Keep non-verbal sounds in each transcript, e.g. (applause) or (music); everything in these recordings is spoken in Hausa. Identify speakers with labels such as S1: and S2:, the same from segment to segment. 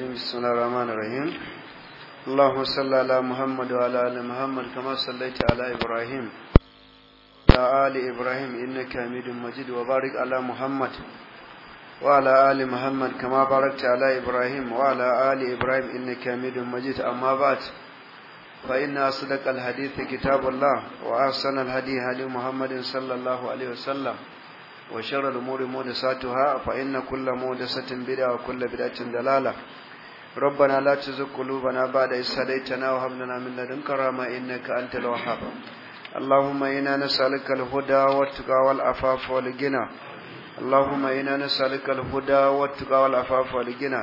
S1: الرجيم بسم الله الرحمن الرحيم اللهم صل على محمد وعلى آل محمد كما صليت على إبراهيم وعلى آل إبراهيم إنك حميد مجيد وبارك على محمد وعلى آل محمد كما باركت على إبراهيم وعلى آل إبراهيم إنك حميد مجيد أما بعد فإن أصدق الحديث كتاب الله وأحسن الهدي هدي محمد صلى الله عليه وسلم وشر الأمور محدثاتها فإن كل محدثة بدعة وكل بدعة دلالة ربنا لا تزغ قلوبنا بعد إذ هديتنا وهب لنا من لدنك رحمة إنك أنت الوهاب اللهم إنا نسألك الهدى والتقى والعفاف والغنى اللهم إنا نسألك الهدى والتقى والعفاف والغنى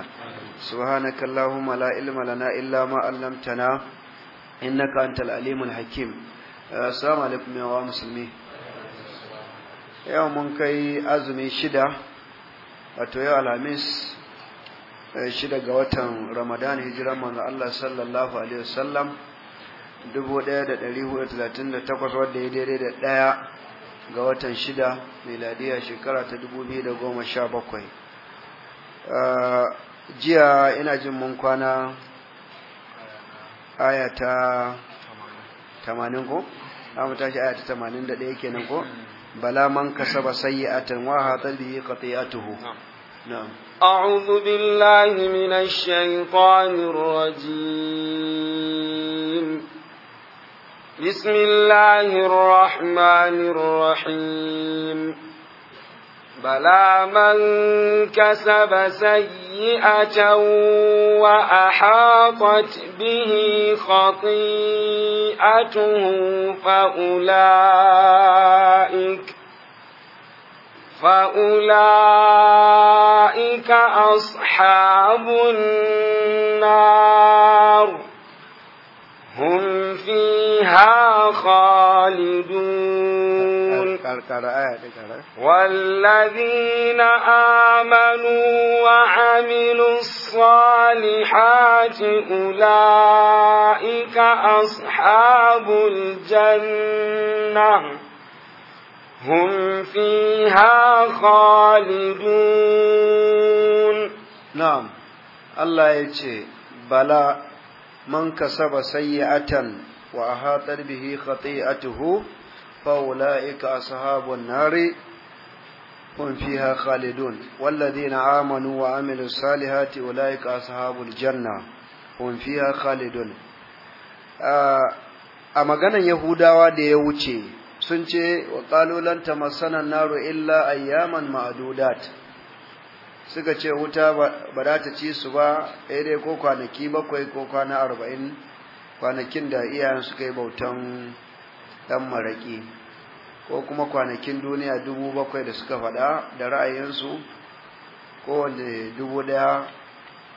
S1: سبحانك اللهم لا علم لنا إلا ما علمتنا إنك أنت العليم الحكيم السلام عليكم يا مسلمين yau mun kai azumi shida wato yau alhamis Eh, shida ga watan Ramadan hijiran manzo Allah sallallahu alaihi wasallam 1438 wanda ya daidai da ɗaya ga watan shida miladiya shekara ta 2017 eh, jiya ina jin mun kwana aya ta 80 ko amma tashi aya ta 81 kenan ko hmm. bala man kasaba sayyi'atan wa hatal bihi qati'atuhu نعم
S2: أعوذ بالله من الشيطان الرجيم بسم الله الرحمن الرحيم بلى من كسب سيئة وأحاطت به خطيئته فأولئك فأولئك أصحاب النار هم فيها خالدون والذين آمنوا وعملوا الصالحات أولئك أصحاب الجنة هم فيها
S1: خالدون نعم الله يجي بلا من كسب سيئة وأحاطت به خطيئته فأولئك أصحاب النار هم فيها خالدون والذين آمنوا وعملوا الصالحات أولئك أصحاب الجنة هم فيها خالدون a maganan Yahudawa da ya wuce sun ce wa ta masana naro illa ayyaman ma'adudat suka ce wuta ba za ta ci su ba ɗaya ko kwanaki bakwai ko kwana arba'in kwanakin da iyayen suka yi bautan ɗan maraƙi ko kuma kwanakin duniya dubu bakwai da suka faɗa da ra'ayinsu wanda dubu ɗaya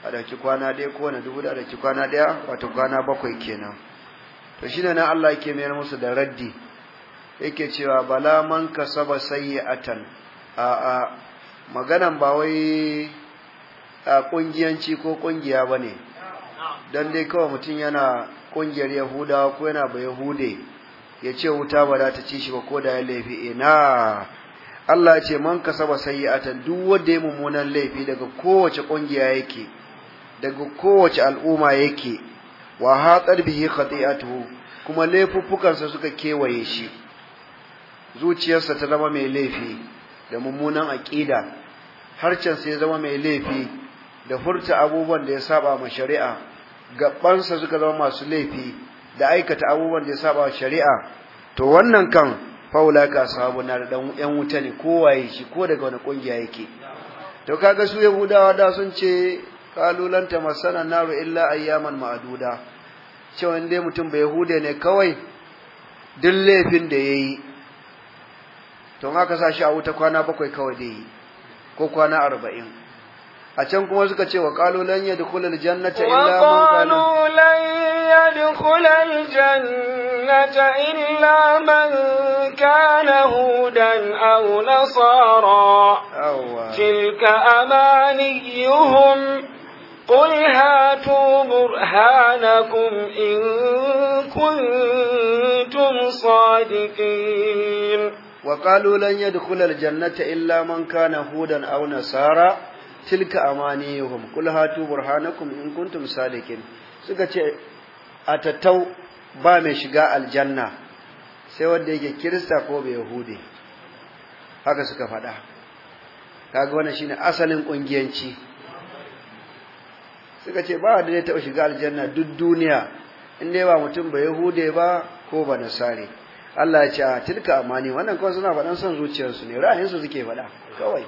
S1: a ɗauki kwana ɗaya wanda dubu ɗaya a kwana ɗaya wato kwana bakwai kenan to shi ne na Allah ke mayar musu da raddi yake cewa bala man kasaba sayyi'atan a a maganan ba wai a kungiyanci ko kungiya bane dan dai kawai mutun yana kungiyar yahuda ko yana ba yahude ya ce wuta ba za ta ci shi ba ko da ya laifi ina Allah ya ce man kasaba sayyi'atan duk wanda ya mummunan laifi daga kowace kungiya yake daga kowace al'umma yake wa hatsar bihi tuhu kuma laifuffukansa suka kewaye shi zuciyarsa ta zama mai laifi da mummunan aƙida harcensa ya zama mai laifi da furta abubuwan da ya saba ma shari'a gabansa suka zama masu laifi da aikata abubuwan da ya saba shari'a to wannan kan faula ka sabu na da yan wuta ne kowaye shi ko daga wani kungiya yake to kaga su yahudawa da sun ce ta masana naru illa ayyaman ma'aduda cewa in dai mutum bai yahude ne kawai duk laifin da yayi to in aka sa shi a wuta kwana bakwai kawai dai ko kwana arba'in a can kuma suka ce wa kalu lan yadkhul jannata illa man kana wa
S2: qalu lan yadkhul aljannata illa man kana hudan aw nasara tilka amaniyuhum قل
S1: هاتوا برهانكم
S2: إن كنتم
S1: صادقين وقالوا لن يدخل الجنة إلا من كان هودا أو نصارى تلك أمانيهم in هاتوا برهانكم إن كنتم صادقين سكت أتتو ba mai shiga aljanna sai wanda yake kirista ko bai yahudi haka suka faɗa kaga wannan shine asalin ƙungiyanci. suka ce ba da ya taɓa shiga aljanna duk duniya in dai ba mutum ba yahude ba ko ba nasare Allah ya ce a tilka amani wannan kawai suna faɗan son zuciyarsu ne ra'ayinsu suke faɗa kawai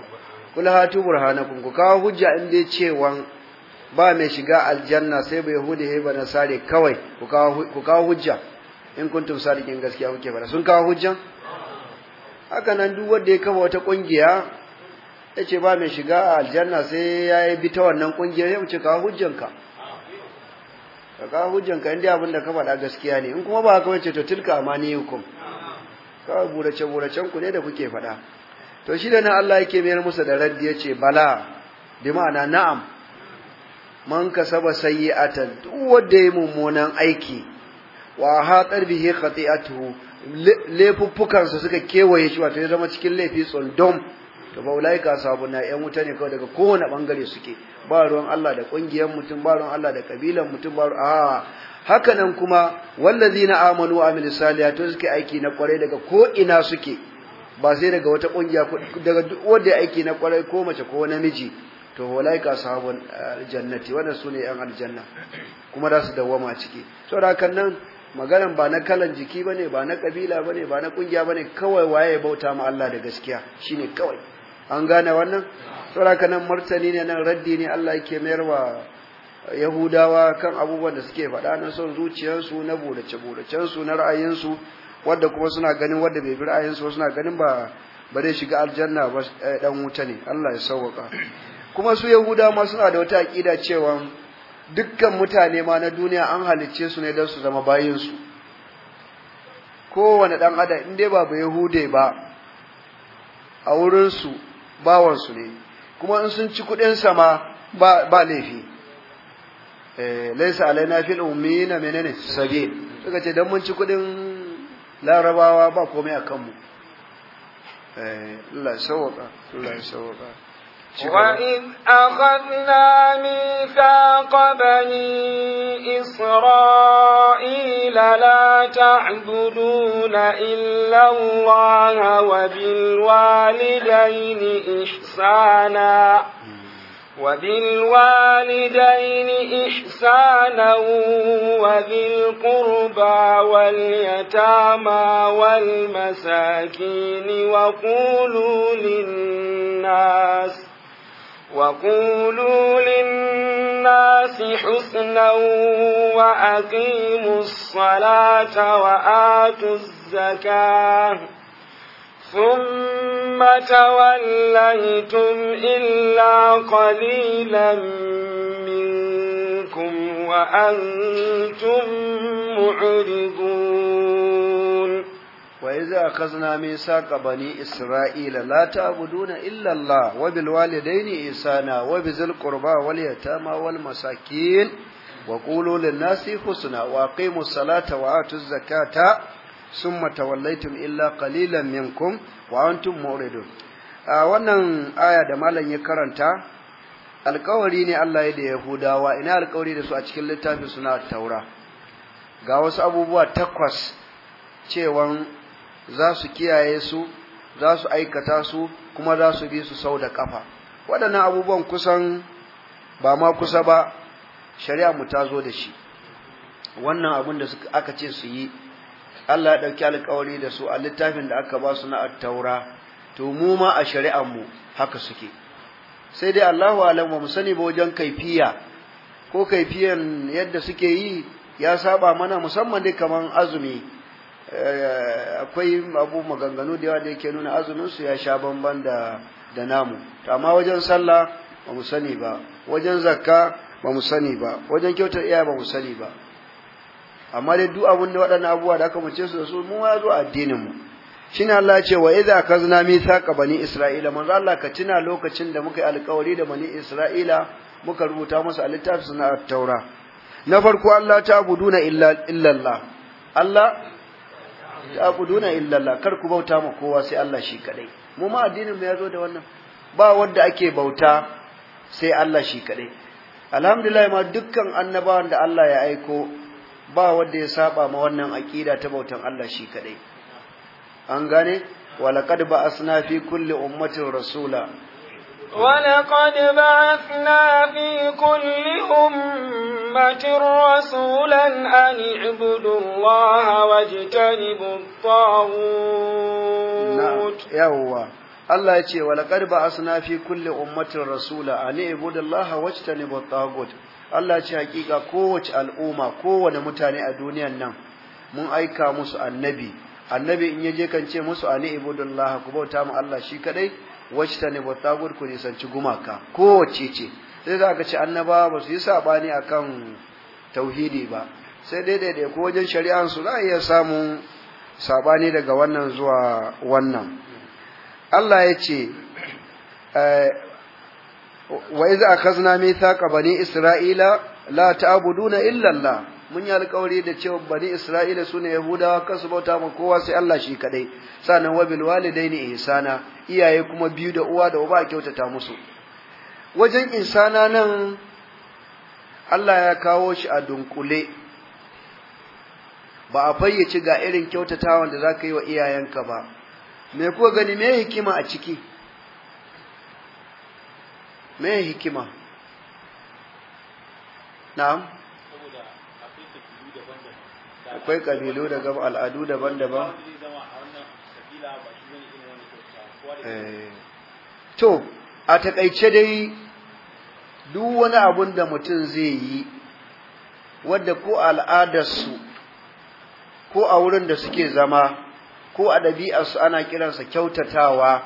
S1: Kula hatu burhanakum ku kawo hujja in dai cewan ba mai shiga aljanna sai bai yahudi ya ba sare kawai ku kawo hujja in kuntum sadiqin gaskiya kuke faɗa sun kawo hujja haka nan duk wanda ya kama wata kungiya yace ba mai shiga aljanna sai ya bi ta wannan kungiya ya mu ce kawo hujjanka ka hujjan hujjanka inda abin da ka faɗa gaskiya ne in kuma ba haka wace to tilka hukum ka burace buracen ku ne da kuke faɗa to shi da nan Allah yake mayar musu da raddi yace bala bi ma'ana na'am man kasaba sayyi'atan duk wanda ya mummunan aiki wa hatar bihi khati'atuhu laifuffukansa suka kewaye shi wato ya zama cikin laifi tsundum to ba sabuna yan wuta ne kawai daga kowane bangare suke ba ruwan Allah da kungiyar mutum ba ruwan Allah da kabilan mutum ba a haka nan kuma wallazina amanu wa amil salihatu suke aiki na kwarai daga ko ina suke ba sai daga wata kungiya daga duk wanda aiki na kwarai ko mace ko namiji to walaika sahabun aljannati wannan sune yan aljanna kuma za su dawwama ciki to da kan nan maganan ba na kalan jiki bane ba na kabila bane ba na kungiya bane kawai waye bauta ma Allah da gaskiya shine kawai an gane wannan saboda nan martani ne nan raddi ne Allah yake mayarwa Yahudawa kan abubuwan da suke faɗa na son zuciyarsu na burace buracensu na ra'ayinsu wadda kuma suna ganin wadda bai bi ra'ayinsu suna ganin ba ba zai shiga aljanna ba dan eh, wuta ne Allah ya sauwaka kuma su Yahuda ma suna da wata aqida cewa dukkan mutane ma na duniya an halicce su ne don su zama bayinsu kowane ɗan adam in dai ba ba Yahude ba a wurinsu bawansu ne kuma in sun ci kuɗin sama ba, ba laifi eh, laisa alaina fil ummina menene sabi suka ce dan mun ci kuɗin larabawa ba komai akan mu. eh, Allah ya sauka Allah ya sauka وإذ
S2: أخذنا ميثاق بني إسرائيل لا تعبدون إلا الله وبالوالدين إحسانا وبالوالدين إحسانا وذي القربى واليتامى والمساكين وقولوا للناس وقولوا للناس حسنا وأقيموا الصلاة وآتوا الزكاة ثم توليتم إلا قليلا
S1: منكم وأنتم معرضون وإذا أخذنا ميثاق بني إسرائيل لا تعبدون إلا الله وبالوالدين إحسانا وبذي القربى واليتامى والمساكين وقولوا للناس حسنا وأقيموا الصلاة وآتوا الزكاة ثم توليتم إلا قليلا منكم وأنتم موردون wannan aya da malam ya karanta alkawari ne Allah ya da Yahudawa ina alkawari da su a cikin littafin suna taura ga wasu abubuwa takwas cewan za su kiyaye su za su aikata su kuma za su bi su sau da kafa waɗannan abubuwan kusan ba ma kusa ba shari'a mu ta zo da shi wannan abin da aka ce su yi Allah ya ɗauki alƙawari da su a littafin da aka ba su na attaura to mu ma a shari'ar mu haka suke sai dai Allahu alam wa mu sani ba wajen kaifiya ko kaifiyan yadda suke yi ya saba mana musamman dai kaman azumi Eh, akwai abu maganganu da yawa da yake nuna azumin su ya sha bamban da da namu amma wajen sallah ba mu sani ba wajen zakka ba mu sani ba wajen kyautar iya ba mu sani ba amma dai duk abin da waɗannan abubuwa da aka mace su da su mu ya zo addinin mu shine Allah ya ce wa idza kazna mithaqa bani isra'ila manzo Allah ka tuna lokacin da muka yi alƙawari da bani isra'ila muka rubuta musu a littafin na taura na farko Allah ta buduna illa illallah Allah ta'buduna illa Allah kar ku bauta ma kowa sai Allah shi kadai mu ma addinin mu yazo da wannan ba wanda ake bauta sai Allah shi kadai alhamdulillah ma dukkan annabawan da Allah ya aiko ba wanda ya saba ma wannan aqida ta bautan Allah shi kadai an gane wa laqad ba'asna fi kulli ummatin rasula
S2: ولقد بعثنا في كل أمة رسولا أن اعبدوا الله واجتنبوا الطاغوت
S1: نعم Allah ce walaƙar ba asuna fi kulle ummatin rasula a ne ibudallaha wacce ne battagot Allah ce hakika kowace al'umma kowane mutane a duniyan nan mun aika musu annabi annabi in yaje kan ce musu a ne ku bauta mu Allah shi kaɗai? wacce ne ba ku nisanci gumaka wacce ce sai za ka ci annaba ba su yi saɓani a kan tauhidi ba sai dai daidai ko wajen shari'ansu za a iya samun saɓani daga wannan zuwa wannan Allah ya ce eh, wa iza akhazna mithaqa bani isra'ila la ta'buduna illa Allah mun yi alƙawari da cewa bani Isra'ila su ne Yahudawa kan su bauta ma kowa sai Allah shi kadai sannan wa bil walidaini ihsana iyaye kuma biyu da uwa da uba a kyautata musu wajen insana nan Allah ya kawo shi a dunkule ba a fayyace ga irin kyautatawan da zaka yi wa iyayenka ba me kuka gani me hikima a ciki me hikima na'am akwai kabilu da gaba al'adu daban-daban eh. to a takaice dai duk wani abun da mutum zai yi wadda ko al'adarsu ko a wurin da suke zama ko a ɗabi'arsu ana kiransa kyautatawa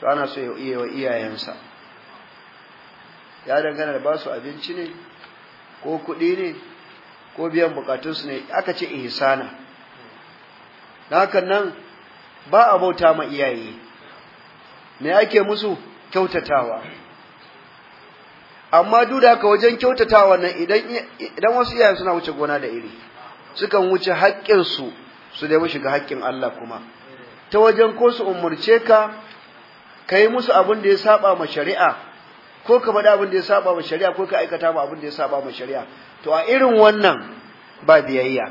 S1: to ana so ya iya wa iyayensa ya dangana da ba su abinci ne ko kuɗi ne ko biyan bukatunsu ne aka ce ihsana na hakan nan ba a bauta ma iyaye me ake musu kyautatawa amma duk da haka wajen kyautatawa nan idan wasu iyaye suna wuce gona da iri sukan wuce haƙƙin su su da shiga haƙƙin Allah kuma ta wajen ko su umurce ka kai musu abin da ya saba ma shari'a ko ka faɗa abin da ya saba ma shari'a ko ka aikata ma abin da ya saba ma shari'a to a irin wannan ba biyayya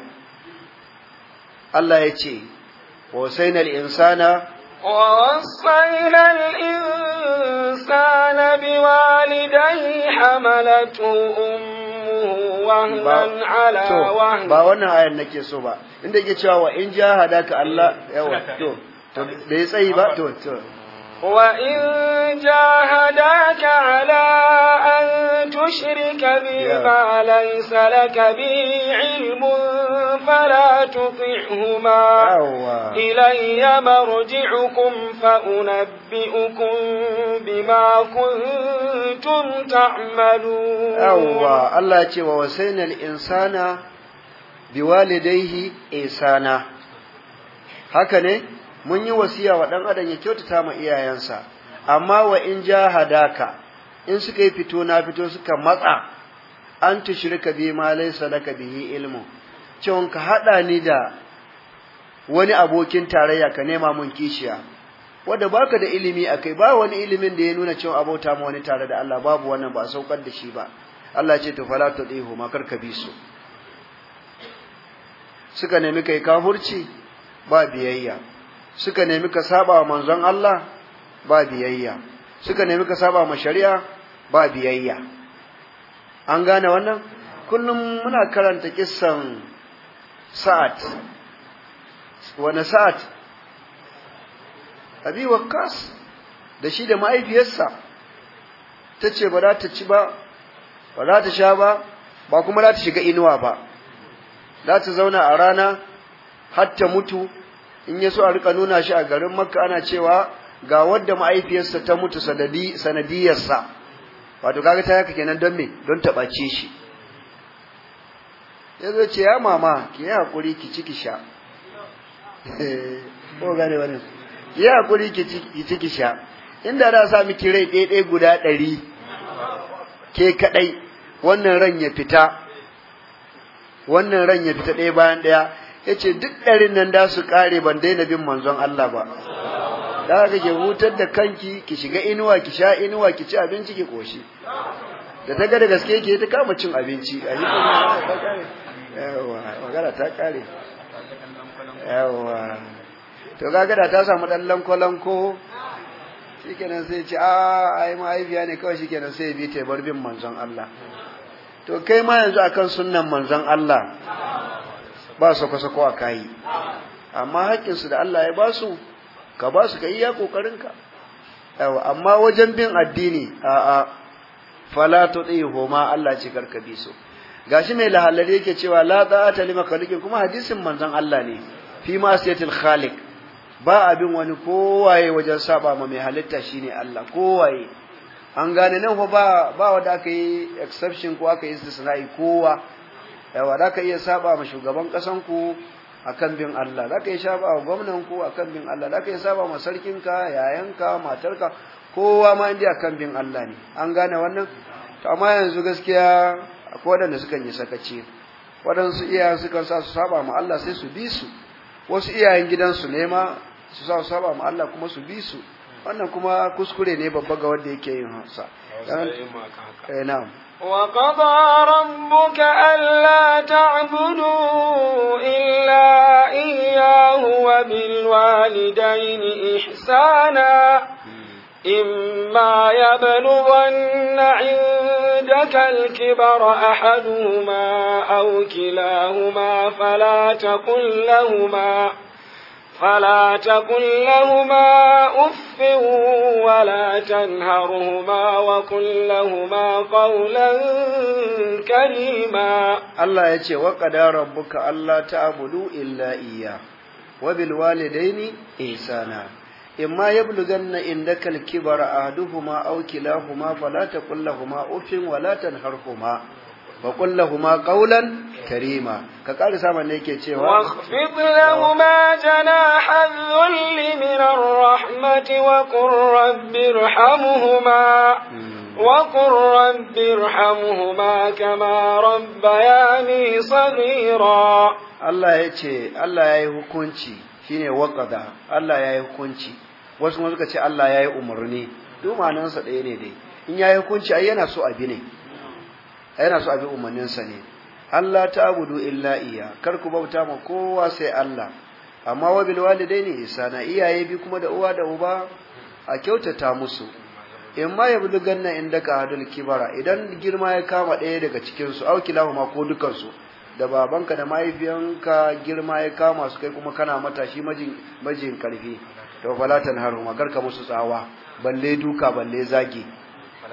S1: Allah ya ce wa wasaina al-insana
S2: wa wasaina al-insana biwalidayhi hamalatu ummuhu
S1: ba wannan ayar nake so ba inda yake cewa wa in jahadaka Allah yawa to bai tsayi ba to to
S2: وإن جاهداك على أن تشرك بي ما ليس لك به علم فلا تطعهما إلي مرجعكم فأنبئكم بما كنتم تعملون أوه
S1: الله يتوى وسين الإنسان biwalidaihi isana haka ne mun yi wasiya wa ɗan adam ya kyautata ma iyayensa amma wa in jahadaka in suka yi fito na fito suka matsa an ka bi ma laisa laka bihi ilmu cewon ka haɗa ni da wani abokin tarayya ka nema mun kishiya wanda baka da ilimi akai ba wani ilimin da ya nuna cewa abota ma wani tare da Allah babu wannan ba saukar da shi ba Allah ce to fala dihu ma karka bi su suka nemi kai kafurci ba biyayya suka nemi ka saba manzon Allah ba biyayya suka nemi ka saba wa shari'a ba biyayya an gane wannan kullum muna karanta kissan sa'at wani sa'at abi waqas da shi da mahaifiyarsa tace ba za ta ci ba ba za ta sha ba ba kuma za ta shiga inuwa ba za ta zauna a rana har ta mutu in ya so a rika nuna shi a garin makka ana cewa ga wadda ma'aifiyarsa ta mutu sanadiyarsa wato kaga ta yaka kenan don me don taɓace shi ya zo ce ya mama ki yi haƙuri ki ciki sha (laughs) ko gane wani ki yi haƙuri ki ciki sha inda da sa miki rai ɗaiɗai guda ɗari ke kaɗai wannan ran ya fita wannan ran ya fita ɗaya bayan ɗaya yace duk ɗarin nan da su kare ban daina bin manzon Allah ba da haka ke hutar da kanki ki shiga inuwa ki sha inuwa ki ci abinci ki koshi da ta ga da gaske ke ta kama cin abinci a yi yawa magana ta kare yawa to kaga da ta samu dan lanko-lanko shikenan sai ce a ah, ai mahaifiya ne kawai shikenan sai bi ta bar bin manzon Allah to kai ma yanzu akan sunnan manzon Allah ba sako-sako a kayi amma haƙƙinsu da Allah ya ba su ka ba su ka iya ƙoƙarinka amma wajen bin addini a'a fala ɗaya homa Allah ce karka bi su gashi mai lahallari yake cewa la ta'ata lima kalikin kuma hadisin manzon Allah ne fi ma siyatil khaliq ba abin wani kowaye wajen saba ma mai halitta shine Allah kowaye an gane nan ba ba wanda aka yi exception ko aka yi istisna'i kowa yawa za ka iya saba ma shugaban ƙasanku a kan bin Allah za ka iya saba ma gwamnanku a kan bin Allah za ka iya saba ma sarkinka yayanka matarka kowa ma indiya kan bin Allah ne an gane wannan to amma yanzu gaskiya akwai waɗanda sukan yi sakaci waɗansu iyayen sukan sa su saba ma Allah sai su bi su wasu iyayen gidansu ne ma su sa su saba ma Allah kuma su bi su wannan kuma kuskure ne babba ga wanda yake yin hausa.
S2: وقضى ربك ألا تعبدوا إلا إياه وبالوالدين إحسانا إما يبلغن عندك الكبر أحدهما أو كلاهما فلا تقل لهما فلا تقل لهما أف ولا تنهرهما وقل لهما قولا
S1: كريما الله يتي وقد ربك ألا تعبدوا إلا إياه وبالوالدين إحسانا إما يبلغن عندك الكبر أحدهما أو كلاهما فلا تقل لهما أف ولا تنهرهما فقل لهما قولا كريما كقال سامع نيكي تشيوا واخفض
S2: لهما جناح الذل من الرحمة وقل رب ارحمهما وقل رب ارحمهما كما
S1: ربياني صغيرا الله يتي الله يا hukunci shine waqada Allah yayi hukunci wasu kuma suka ce Allah yayi umarni duk sa ɗaya ne dai in yayi hukunci ai yana so abi ne yana so a bi umarninsa ne Allah ta gudu illa iya kar ku bauta ma kowa sai Allah amma wa bil Isa na iyaye bi kuma da uwa da uba a kyautata musu in ma ya budugan ganna inda ka hadul kibara idan girma ya kama ɗaya daga cikin su au ma ko dukan su da babanka da mahaifiyanka girma ya kama su kai kuma kana matashi majin majin karfi to falatan haruma karka musu tsawa balle duka balle zagi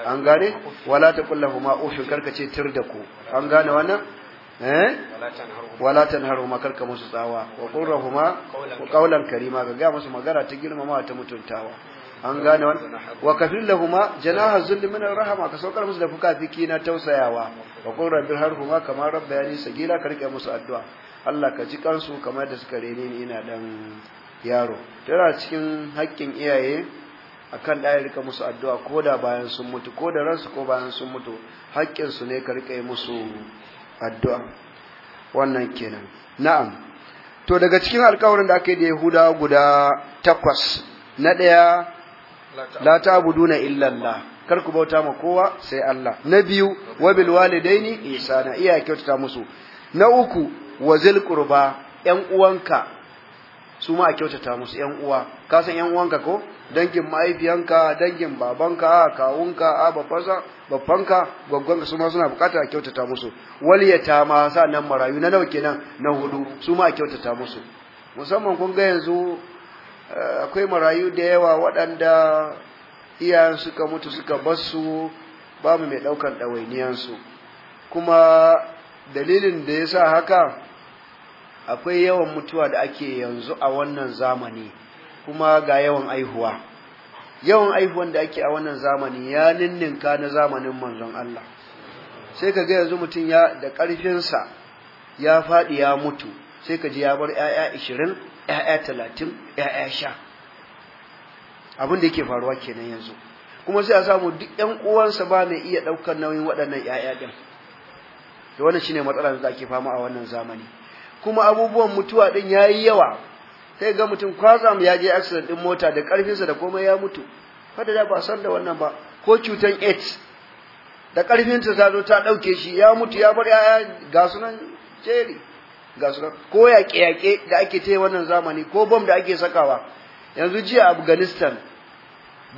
S1: an gane wala ta kullahu ma ufin karka ce tir da ku an gane wannan eh wala ma karka musu tsawa wa qurrahuma qawlan karima ga ga musu magana ta girmama ta mutuntawa an gane wannan wa kafir lahuma janaha zulm min rahama ka saukar musu da fuka fiki na tausayawa wa qur rabbi harhuma kama yani sagila karka musu addu'a Allah ka ji kansu kamar da suka rene ni ina dan yaro tana cikin haƙƙin iyaye akan da rika musu addu'a ko da bayan sun mutu ko da ransu ko bayan sun mutu haƙƙin su ne ka rika yi musu addu'a wannan kenan na'am to daga cikin alƙawarin da aka yi da Yahuda guda takwas na ɗaya la ta'buduna illa Allah kar ku bauta ma kowa sai Allah na biyu wa bil walidaini ihsana iya kyautata musu na uku wa zil qurba ƴan uwanka su ma a kyautata musu yan uwa ka san yan uwanka ko dangin mahaifiyanka dangin babanka kawunka a babanka babbanka gwaggon su ma suna bukata a kyautata musu wal sa nan marayu na nawa kenan na hudu su ma a kyautata musu musamman kun ga yanzu eh, akwai marayu da yawa waɗanda iyayen suka mutu suka basu babu mai ɗaukar ɗawainiyansu kuma dalilin da ya sa haka akwai yawan mutuwa da ake yanzu a wannan zamani kuma ga yawan aihuwa yawan aihuwan da ake a wannan zamani ya ninninka na zamanin manzon Allah sai ka ga yanzu mutum ya da ƙarfinsa ya faɗi ya mutu sai ka ji ya bar ‘ya'ya ishirin ‘ya'ya talatin ‘ya'ya sha abin da yake faruwa kenan yanzu kuma sai a samu duk ‘yan uwansa ba mai iya ɗaukar nauyin waɗannan ‘ya'ya ɗin da wannan shine matsalar da ake fama a wannan zamani kuma abubuwan mutuwa din yayi yawa sai ga mutum mu ya je accident din mota da karfinsa da komai ya mutu fada da ba san da wannan ba ko cutan AIDS da karfinta ta zo ta dauke shi ya mutu ya bar yaya ga sunan jeri ga sunan ko yaƙe yaƙe da ake ta wannan zamani ko bom da ake sakawa yanzu jiya Afghanistan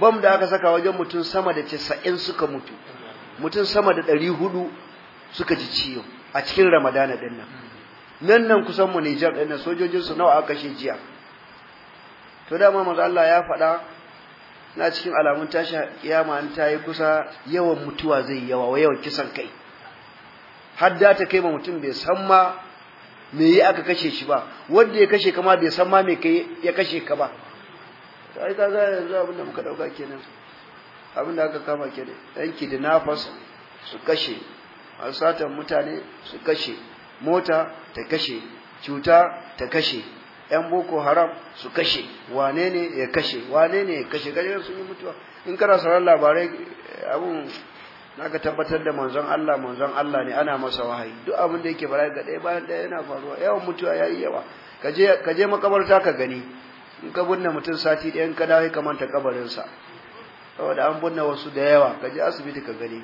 S1: bom da aka saka wajen mutum sama da 90 suka mutu mutum sama da 400 suka ji ciwo a cikin Ramadana din nan nan nan kusan mu Niger ɗin sojojin su nawa aka kashe jiya to dama manzo Allah ya faɗa na cikin alamun tashi kiyama an tayi kusa yawan mutuwa zai yawa wa yawan kisan kai hadda ta kai ma mutum bai san ma me yi aka kashe shi ba wanda ya kashe kama bai san ma me kai ya kashe ka ba sai ka ga yanzu abin da muka dauka kenan abin da aka kama kenan yanki da nafas su kashe satan mutane su kashe mota ta kashe cuta ta kashe yan boko haram su kashe wane ne ya kashe wane ne ya kashe gajiyar sun yi mutuwa in kana sauran labarai abun na ka tabbatar da manzon Allah manzon Allah ne ana masa wahayi duk abin da yake bala ga ɗaya bayan ɗaya yana faruwa yawan mutuwa ya yi yawa ka je makabarta ka gani in ka binne mutum sati ɗayan ka dawo ka manta kabarinsa saboda an binne wasu da yawa ka je asibiti ka gani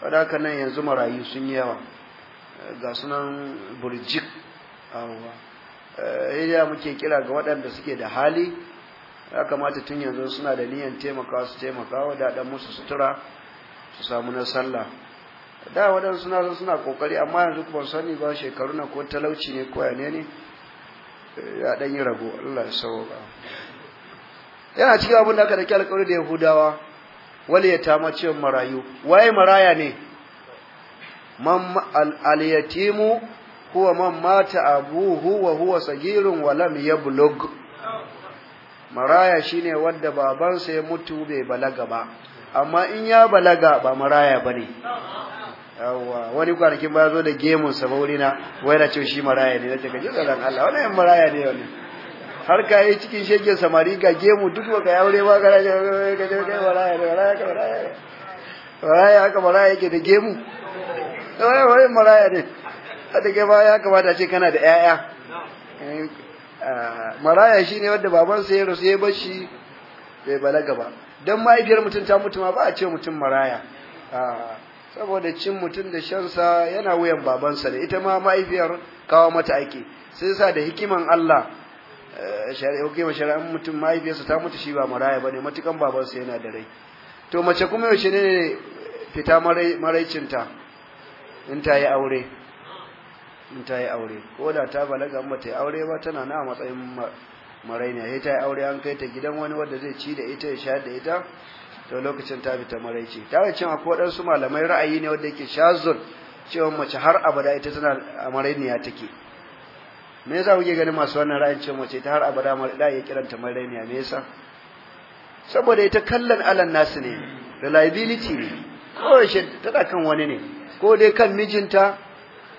S1: saboda haka nan yanzu marayu sun yi yawa ga sunan burjik ya eh, muke kira ga waɗanda suke da hali ya kamata tun yanzu suna da niyan taimakawa su taimakawa da dan musu sutura su samu na sallah da waɗansu suna suna kokari amma yanzu kuma sani ba shekaru na ko talauci ne ko yane ne eh, ya dan yi rago Allah ya sauka yana cikin abin da aka da alƙawari da Yahudawa ya yatama cewa marayu waye maraya ne man al huwa man mata abuhu wa huwa sagirun wa lam yablug maraya shine wanda babansa ya mutu bai balaga ba amma in ya balaga ba maraya bane yawa wani kwanakin ba zo da gemun sa wurina wai na ce shi maraya ne nace ka ji tsaron Allah wani yan maraya ne wani har ka yi cikin shege samari ga gemu duk baka aure ba ga ga ga ga ne ga ka maraya maraya ka maraya yake da gemu wai wai maraya ne a take ba ya kamata ce kana da yaya eh, ah, maraya shi shine wanda babansa ya rasu ya bar shi bai balaga ba dan mahaifiyar mutum ta mutu ma ba a ce mutum maraya ah, saboda cin mutum da shansa yana wuyan babansa da ita ma mahaifiyar kawo mata ake sai sa da hikiman Allah hukuma eh, shari'a mutum mahaifiyarsa ta mutu shi ba maraya ne matukan babansa yana da rai to mace kuma yaushe ne fita maraicinta in ta yi aure in ta yi aure ko da ta balaga amma ta yi aure ba tana na matsayin maraina sai ta yi aure an kai ta gidan wani wanda zai ci da ita ya shayar da ita to lokacin ta fita maraici ta ga cin akwai waɗansu malamai ra'ayi ne wanda yake shazul cewa mace har abada ita tana maraina take me yasa kuke ganin masu wannan ra'ayin cewa mace ta har abada maraina ya kiranta maraina me yasa saboda ita kallon alan nasu ne reliability ne kawai shi tana kan wani ne ko dai kan mijinta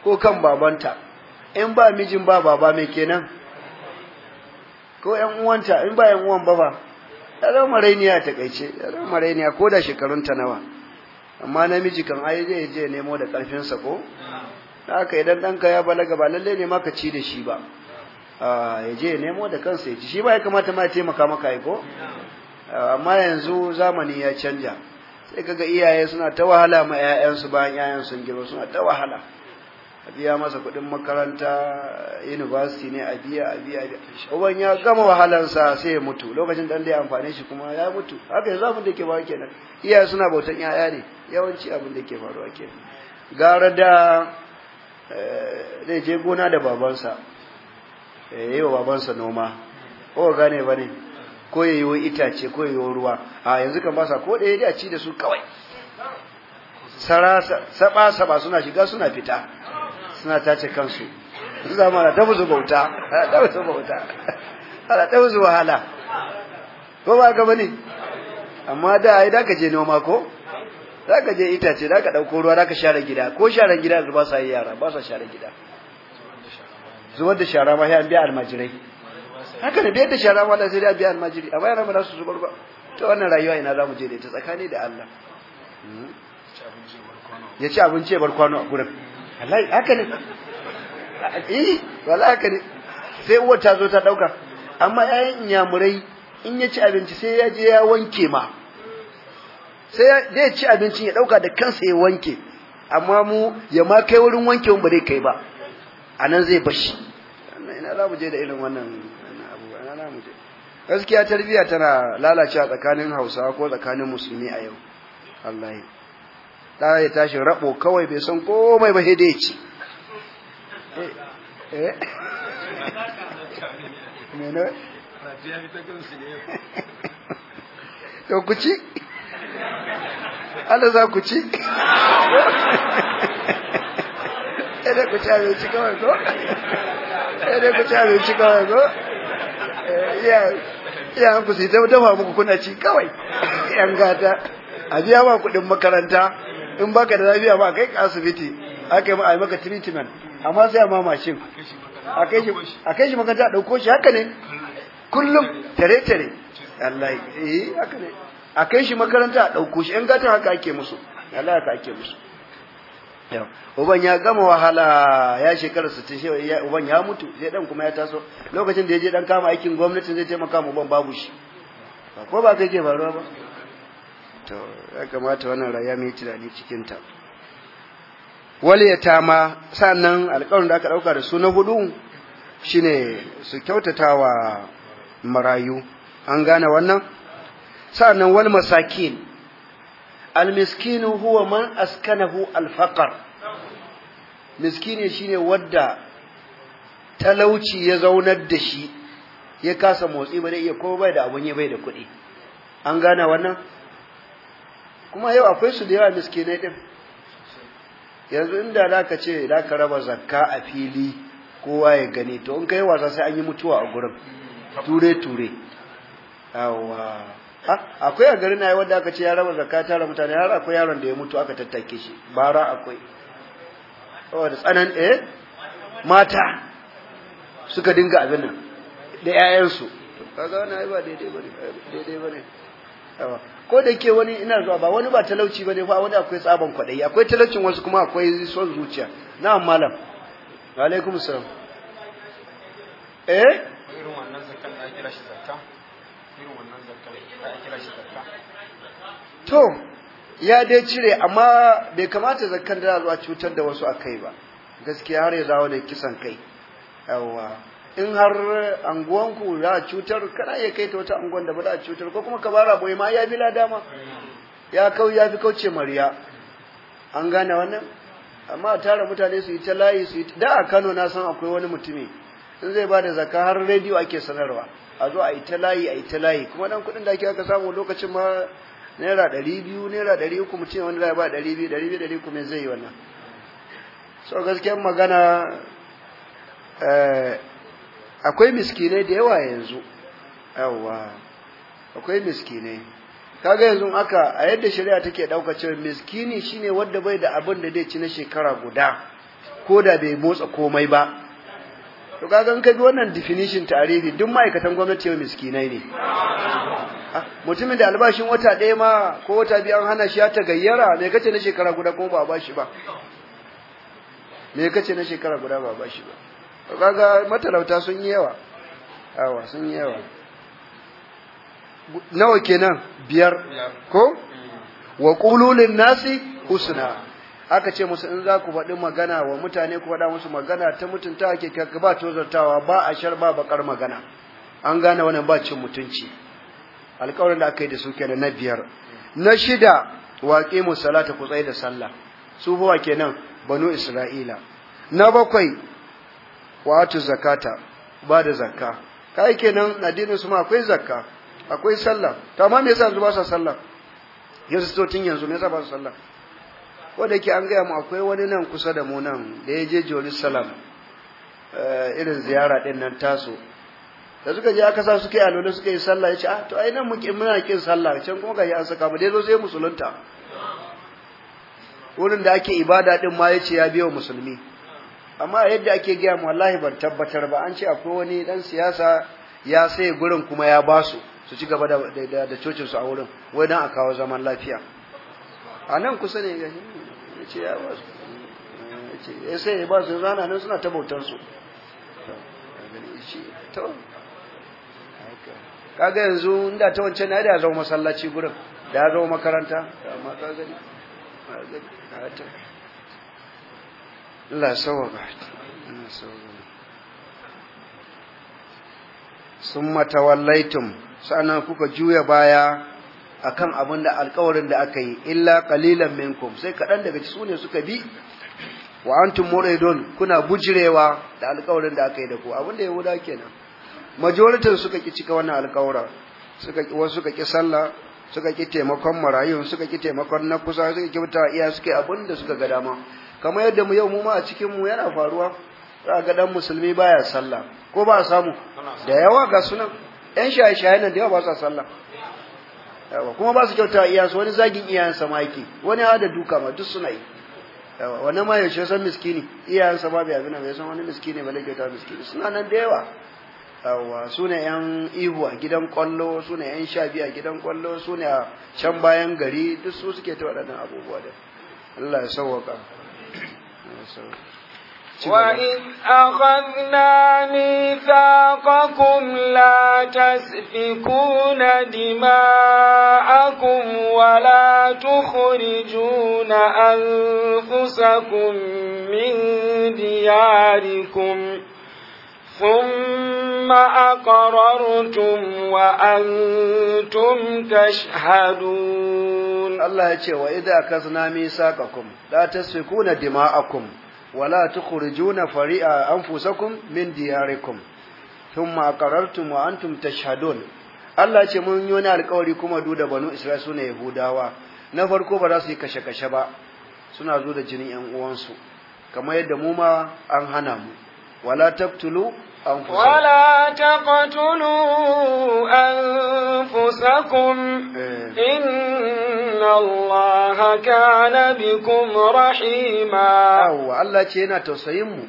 S1: ko kan babanta in ba mijin ba baba mai kenan ko ƴan uwanta in ba ƴan uwan ba ba ya zama marainiya ta kaice ya zama marainiya ko da shekarunta nawa amma namiji kan ai zai je nemo da sa ko haka idan ɗanka ya balaga ba lalle ne maka ci da shi ba ya je nemo da kansa ya ci shi ba ya kamata ma ya taimaka maka ko amma yanzu zamani ya canja sai kaga iyaye suna ta wahala ma ƴaƴansu bayan ƴaƴan sun girma suna ta wahala a biya masa kuɗin makaranta university ne a biya a biya uban ya gama wahalarsa sai ya mutu lokacin dan da ya amfane shi kuma ya mutu haka yanzu abin da ke faruwa kenan iyaye suna bautan ƴaƴa ne yawanci abin da ke faruwa kenan gara da eh, zai je gona da babansa ya yi wa babansa noma ko gane ba ne ko yayo itace ko yayo ruwa a yanzu kan ba sa ko da dai a ci da su kawai sarasa saba saba suna shiga suna fita suna tace kansu su zama ta buzu bauta ta buzu bauta ala ta buzu wahala ko ba ga bane amma da ai da ka je noma ko za ka je itace za ka ɗauko ruwa za ka share gida ko sharan gida ba sa yi yara ba sa share gida zubar da shara ma sai an biya almajirai haka da yadda shara wala sai dai a biya almajiri a bayan ramana su zubar ba ta wannan rayuwa ina za mu je da ita tsakani da Allah hmm? ya ci abinci ya bar kwano a gurin wallahi haka ne eh wallahi haka ne sai uwar ta zo ta dauka amma yayin inyamurai in ya ci abinci sai ya je ya wanke ma sai ya ci abincin ya dauka da kansa ya wanke amma mu ya ma kai wurin wanke ba zai kai ba anan zai bashi ina za mu je da irin wannan gaskiya tarbiya tana lalacewa tsakanin hausawa ko tsakanin musulmi a yau wallahi da ya tashi rabo kawai bai san komai ba hede ci eh, eh. (laughs) mene (laughs) to ku ci Allah za ku ci ɗaya (laughs) eh, ku ci abinci kawai ko ɗaya eh, ku ci abin abinci kawai ko yes idan ku sai dafa muku kuna ci kawai yan gata a biya ba kuɗin makaranta in baka da lafiya ba kai ka asibiti aka yi a maka treatment amma sai a shi a kai shi makaranta a ɗauko shi haka ne kullum tare tare Allah eh haka ne a kai shi makaranta a ɗauko shi yan gata haka ake musu Allah haka ake musu uban ya gama wahala ya shekara 60 uban ya mutu sai dan kuma ya taso lokacin da ya je dan kama aikin gwamnatin zai taimaka mu uban babu shi ko ba kai ke faruwa ba to ya kamata wannan rayuwa mai tunani cikin ta wal sannan alƙawarin da aka ɗauka da su na hudu shine su kyautatawa marayu an gane wannan sannan wal masakin المسكين هو من أسكنه الفقر مسكين شيني ودى تلوشي يزون الدشي يكاس shi ya بايدا motsi ba كوني أنغانا وانا كما da abun ديوا المسكين يتم yanzu inda za ka ce za ka raba zakka a fili kowa ya gani to in kai wasa sai an yi mutuwa a gurin ture ture yawa akwai a garin na wadda aka ce ya raba zakka tara mutane har akwai yaron da ya mutu aka tattake shi bara akwai saboda tsanan eh mata suka dinga abin nan da ƴaƴansu kaga wannan ai ba daidai bane daidai bane ko da ke wani ina zuwa ba wani ba talauci bane fa wani akwai tsaban kwaɗayi akwai talaucin wasu kuma akwai son zuciya na'am malam wa alaikum salam eh to ya dai cire amma bai kamata zakkan da zuwa cutar da wasu kai ba gaskiya har ya zawo da kisan kai yawa in har anguwanku za a cutar kana iya kai ta wata anguwan da ba za a cutar ko kuma ka bara boye ma ya bi dama ya kau ya fi kauce mariya an gane wannan amma tara mutane su yi ta layi su yi da a Kano na san akwai wani mutumi in zai ba da zakka har rediyo ake sanarwa a zo a yi ta layi a yi ta layi kuma dan kuɗin da ake aka samu lokacin ma naira ɗari biyu naira ɗari uku mutum wani zai ba ɗari biyu ɗari biyu ɗari uku mai zai yi wannan so gaskiyar magana eh, akwai miskinai da yawa yanzu yawa akwai miskinai kaga yanzu aka a yadda shari'a take daukacin miskini shine wadda bai da abin da zai ci na shekara guda ko da bai motsa komai ba to kaga in ka bi wannan definition tarihi duk ma'aikatan gwamnati yau miskinai ne Ah, mutumin da albashin wata ɗaya ma ko wata biyu an hana shi ya ta gayyara me kace na shekara guda kuma ba bashi ba me kace na shekara guda ba bashi ba kaga matalauta sun yi yawa awa sun yi yawa nawa kenan biyar ko wa lin nasi husna aka ce musu in za ku faɗi magana wa mutane ku faɗa musu magana ta mutunta ake ba tozartawa ba a shar ba bakar magana an gane wannan ba cin mutunci alƙawarin da aka yi da su kenan na biyar na shida waƙe mu salata ku tsaye da sallah su huwa kenan banu isra'ila na bakwai wato zakata ba da zakka kai kenan addinin su ma akwai zakka akwai sallah to amma me yasa yanzu ba su sallah yanzu to tun yanzu me yasa ba su sallah wanda ke an gaya mu akwai wani nan kusa da mu nan da ya je Jerusalem eh, irin ziyara din nan taso da suka je aka sa suka yi alwala suka yi sallah ce ah to ai nan muke muna kin sallah can kuma gashi an saka mu dai zo sai musulunta wurin da ake ibada din ma ya ce ya biyo musulmi amma yadda ake gaya mu wallahi ban tabbatar ba an ce akwai wani dan siyasa ya sai gurin kuma ya basu su ci gaba da cocin su a wurin wai dan a kawo zaman lafiya a nan kusa ne ya ce ya basu ya sai ya basu zana nan suna ta bautar su to kaga yanzu inda ta wancan na da zama masallaci gurin da ya zama makaranta amma ka gani Allah sawaba Allah sawaba summa tawallaitum sannan kuka juya baya akan abin da alƙawarin da aka yi illa qalilan minkum sai kadan daga su ne suka bi wa antum muridun kuna bujirewa da alƙawarin da aka yi da ku abin da yahuda kenan majoritin suka ki cika wannan alƙawura suka ki wasu suka ki sallah suka ki taimakon marayun suka ki taimakon na kusa suka ki ta iya suka abin da suka ga dama kamar yadda mu yau mu ma a cikin mu yana faruwa za ga dan musulmi baya sallah ko ba samu da yawa ga sunan yan shaye-shaye nan da yawa ba su sallah yawa kuma ba su kyauta su wani zagin iyayensa ma yake wani ha da duka ma duk suna yi yawa wani ma yaushe san miskini iyayensa ba bai abin nan bai san wani miskini ba da kyauta miskini suna nan da yawa suna su yan ihu a gidan kwallo su yan sha a gidan kwallo su ne a can bayan gari duk su suke ta waɗannan abubuwa da Allah ya sauwaka وإذ
S2: أخذنا ميثاقكم لا تسفكون دماءكم ولا تخرجون أنفسكم من دياركم ثم أقررتم
S1: وأنتم تشهدون الله يقول وإذا أكذنا ميثاقكم لا تسفكون دماءكم ولا تخرجون فريئا أنفسكم من دياركم ثم أقررتم وأنتم تشهدون Allah ce mun yi wani alkawari kuma Duda banu Isra'ila suna Yahudawa na farko ba za su yi kashe-kashe ba suna zo da jinin ƴan uwansu kamar yadda mu ma an hana mu wala taqtulu ولا
S2: تقتلوا أنفسكم إن
S1: الله كان بكم رحيما أو الله تينا توسيمو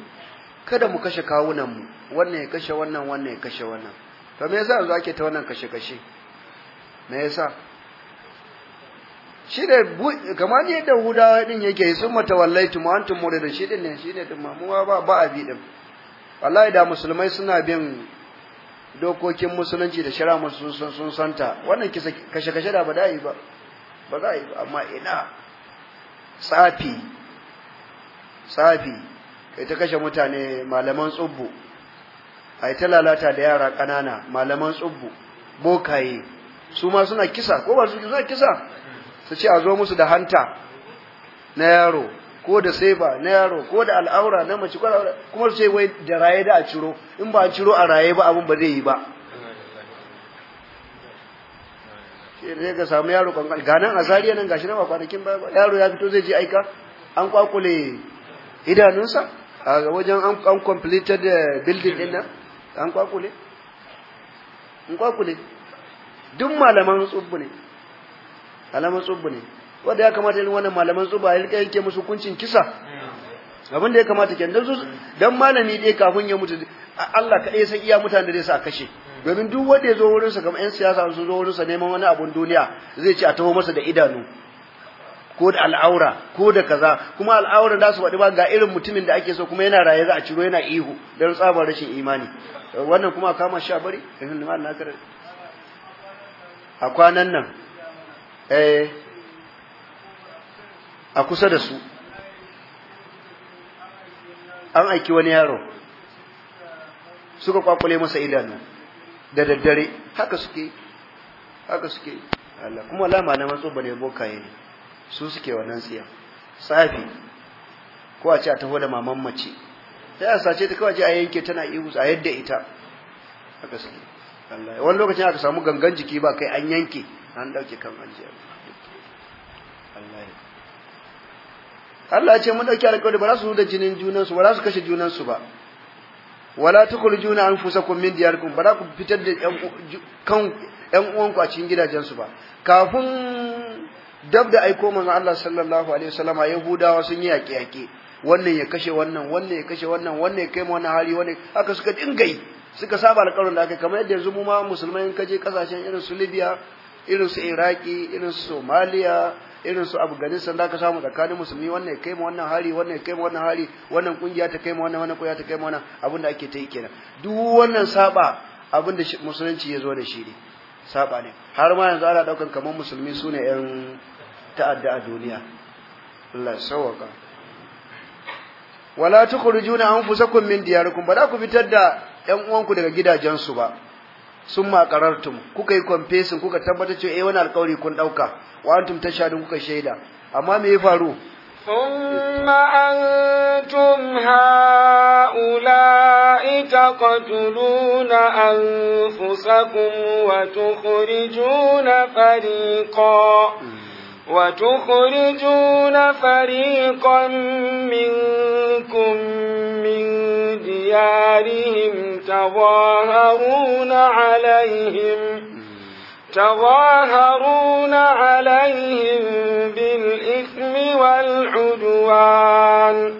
S1: kada mu kashe kawunanmu wannan ya kashe wannan wannan ya kashe wannan to me yasa yanzu ake ta wannan kashe kashe me yasa shi da kamar yadda hudawa din yake sun mata wallaitu ma antum muridun shi din ne shi ne din mamuwa ba ba abi din wallahi da musulmai suna bin dokokin musulunci da shari'a musulunci sun santa wannan kisa kashe kashe da ba da yi ba ba za a yi ba amma ina tsafi tsafi kai ta kashe mutane malaman tsubbu yi ta lalata da yara kanana malaman tsubbu bokaye su ma suna kisa ko ba su suna kisa su ce a zo musu da hanta na yaro ko da saifa na yaro ko da al'aura na mace kuma su ce wai da raye da a ciro in ba a ciro a raye ba abin ba zai yi ba sai ga samu yaro kankan ganan a zariya nan gashi na ba kwanakin ba yaro ya fito zai je aika an kwakule idanunsa a wajen an completed eh, building din nan an kwakule in kwakule duk malaman tsubbu ne malaman tsubbu ne wanda ya kamata irin wannan malaman su ba rika yanke musu hukuncin kisa abin da ya kamata ke dan dan malami dai kafin ya mutu Allah kadai san iya mutanen da zai sa kashe domin duk wanda ya zo wurin sa kamar yan siyasa su zo wurin sa neman wani abun duniya zai ci a taho masa da idanu ko da al'aura ko da kaza kuma al'aura da su faɗi ba ga irin mutumin da ake so kuma yana raye za a ciro yana ihu don tsabar rashin imani wannan kuma kama a bari a kwanan nan eh a kusa da su an aiki wani yaro suka kwakwale masa idanu da daddare haka suke haka suke Allah kuma la malaman tsoba ne bokaye ne su suke wannan tsiya tsafi ko a ce a taho da maman mace sai a sace ta kawai a yanke tana ihu a yadda ita haka suke Allah wani lokacin aka samu gangan jiki ba kai an yanke an dauke kan anjiya Allah Allah ya ce mun dauki alƙawari ba za su da jinin junan su ba za su kashe junan su ba wala tukhrijuna anfusakum min diyarikum ba za ku fitar da kan ƴan uwanku a cikin gidajen su ba kafin dab da aiko manzon Allah sallallahu alaihi wasallama yahudawa sun yi yaƙe yaƙe wannan ya kashe wannan wannan ya kashe wannan wannan ya kai mu wannan hali wannan haka suka dinga yi suka saba alƙawarin da aka kamar yadda yanzu mu ma musulmai in kaje kasashen irin su Libya irin su Iraki irin su Somalia irin su abu ganin sanda ka samu tsakanin musulmi wannan ya kai mu wannan hari wannan ya kai mu wannan hari wannan kungiya ta kai mu wannan wannan kungiya ta kai mu wannan abin da ake ta yi kenan duk wannan saba abin da musulunci ya zo da shi ne saba ne har ma yanzu ana daukar kamar musulmi su ne yan ta'adda a duniya Allah sawaka wala tukhrijuna anfusakum min diyarikum ba za ku fitar da yan uwanku daga gidajensu ba sun makarartum kuka yi confessing kuka tabbatar cewa eh wani alƙawari kun dauka wa antum tashhadun kuka shaida amma me ya faru Thumma antum
S2: ha'ula'i taqtuluna anfusakum wa tukhrijuna fariqan wa tukhrijuna fariqan minkum min diyarihim tawaharuna 'alayhim mm. تظاهرون عليهم بالإثم والعدوان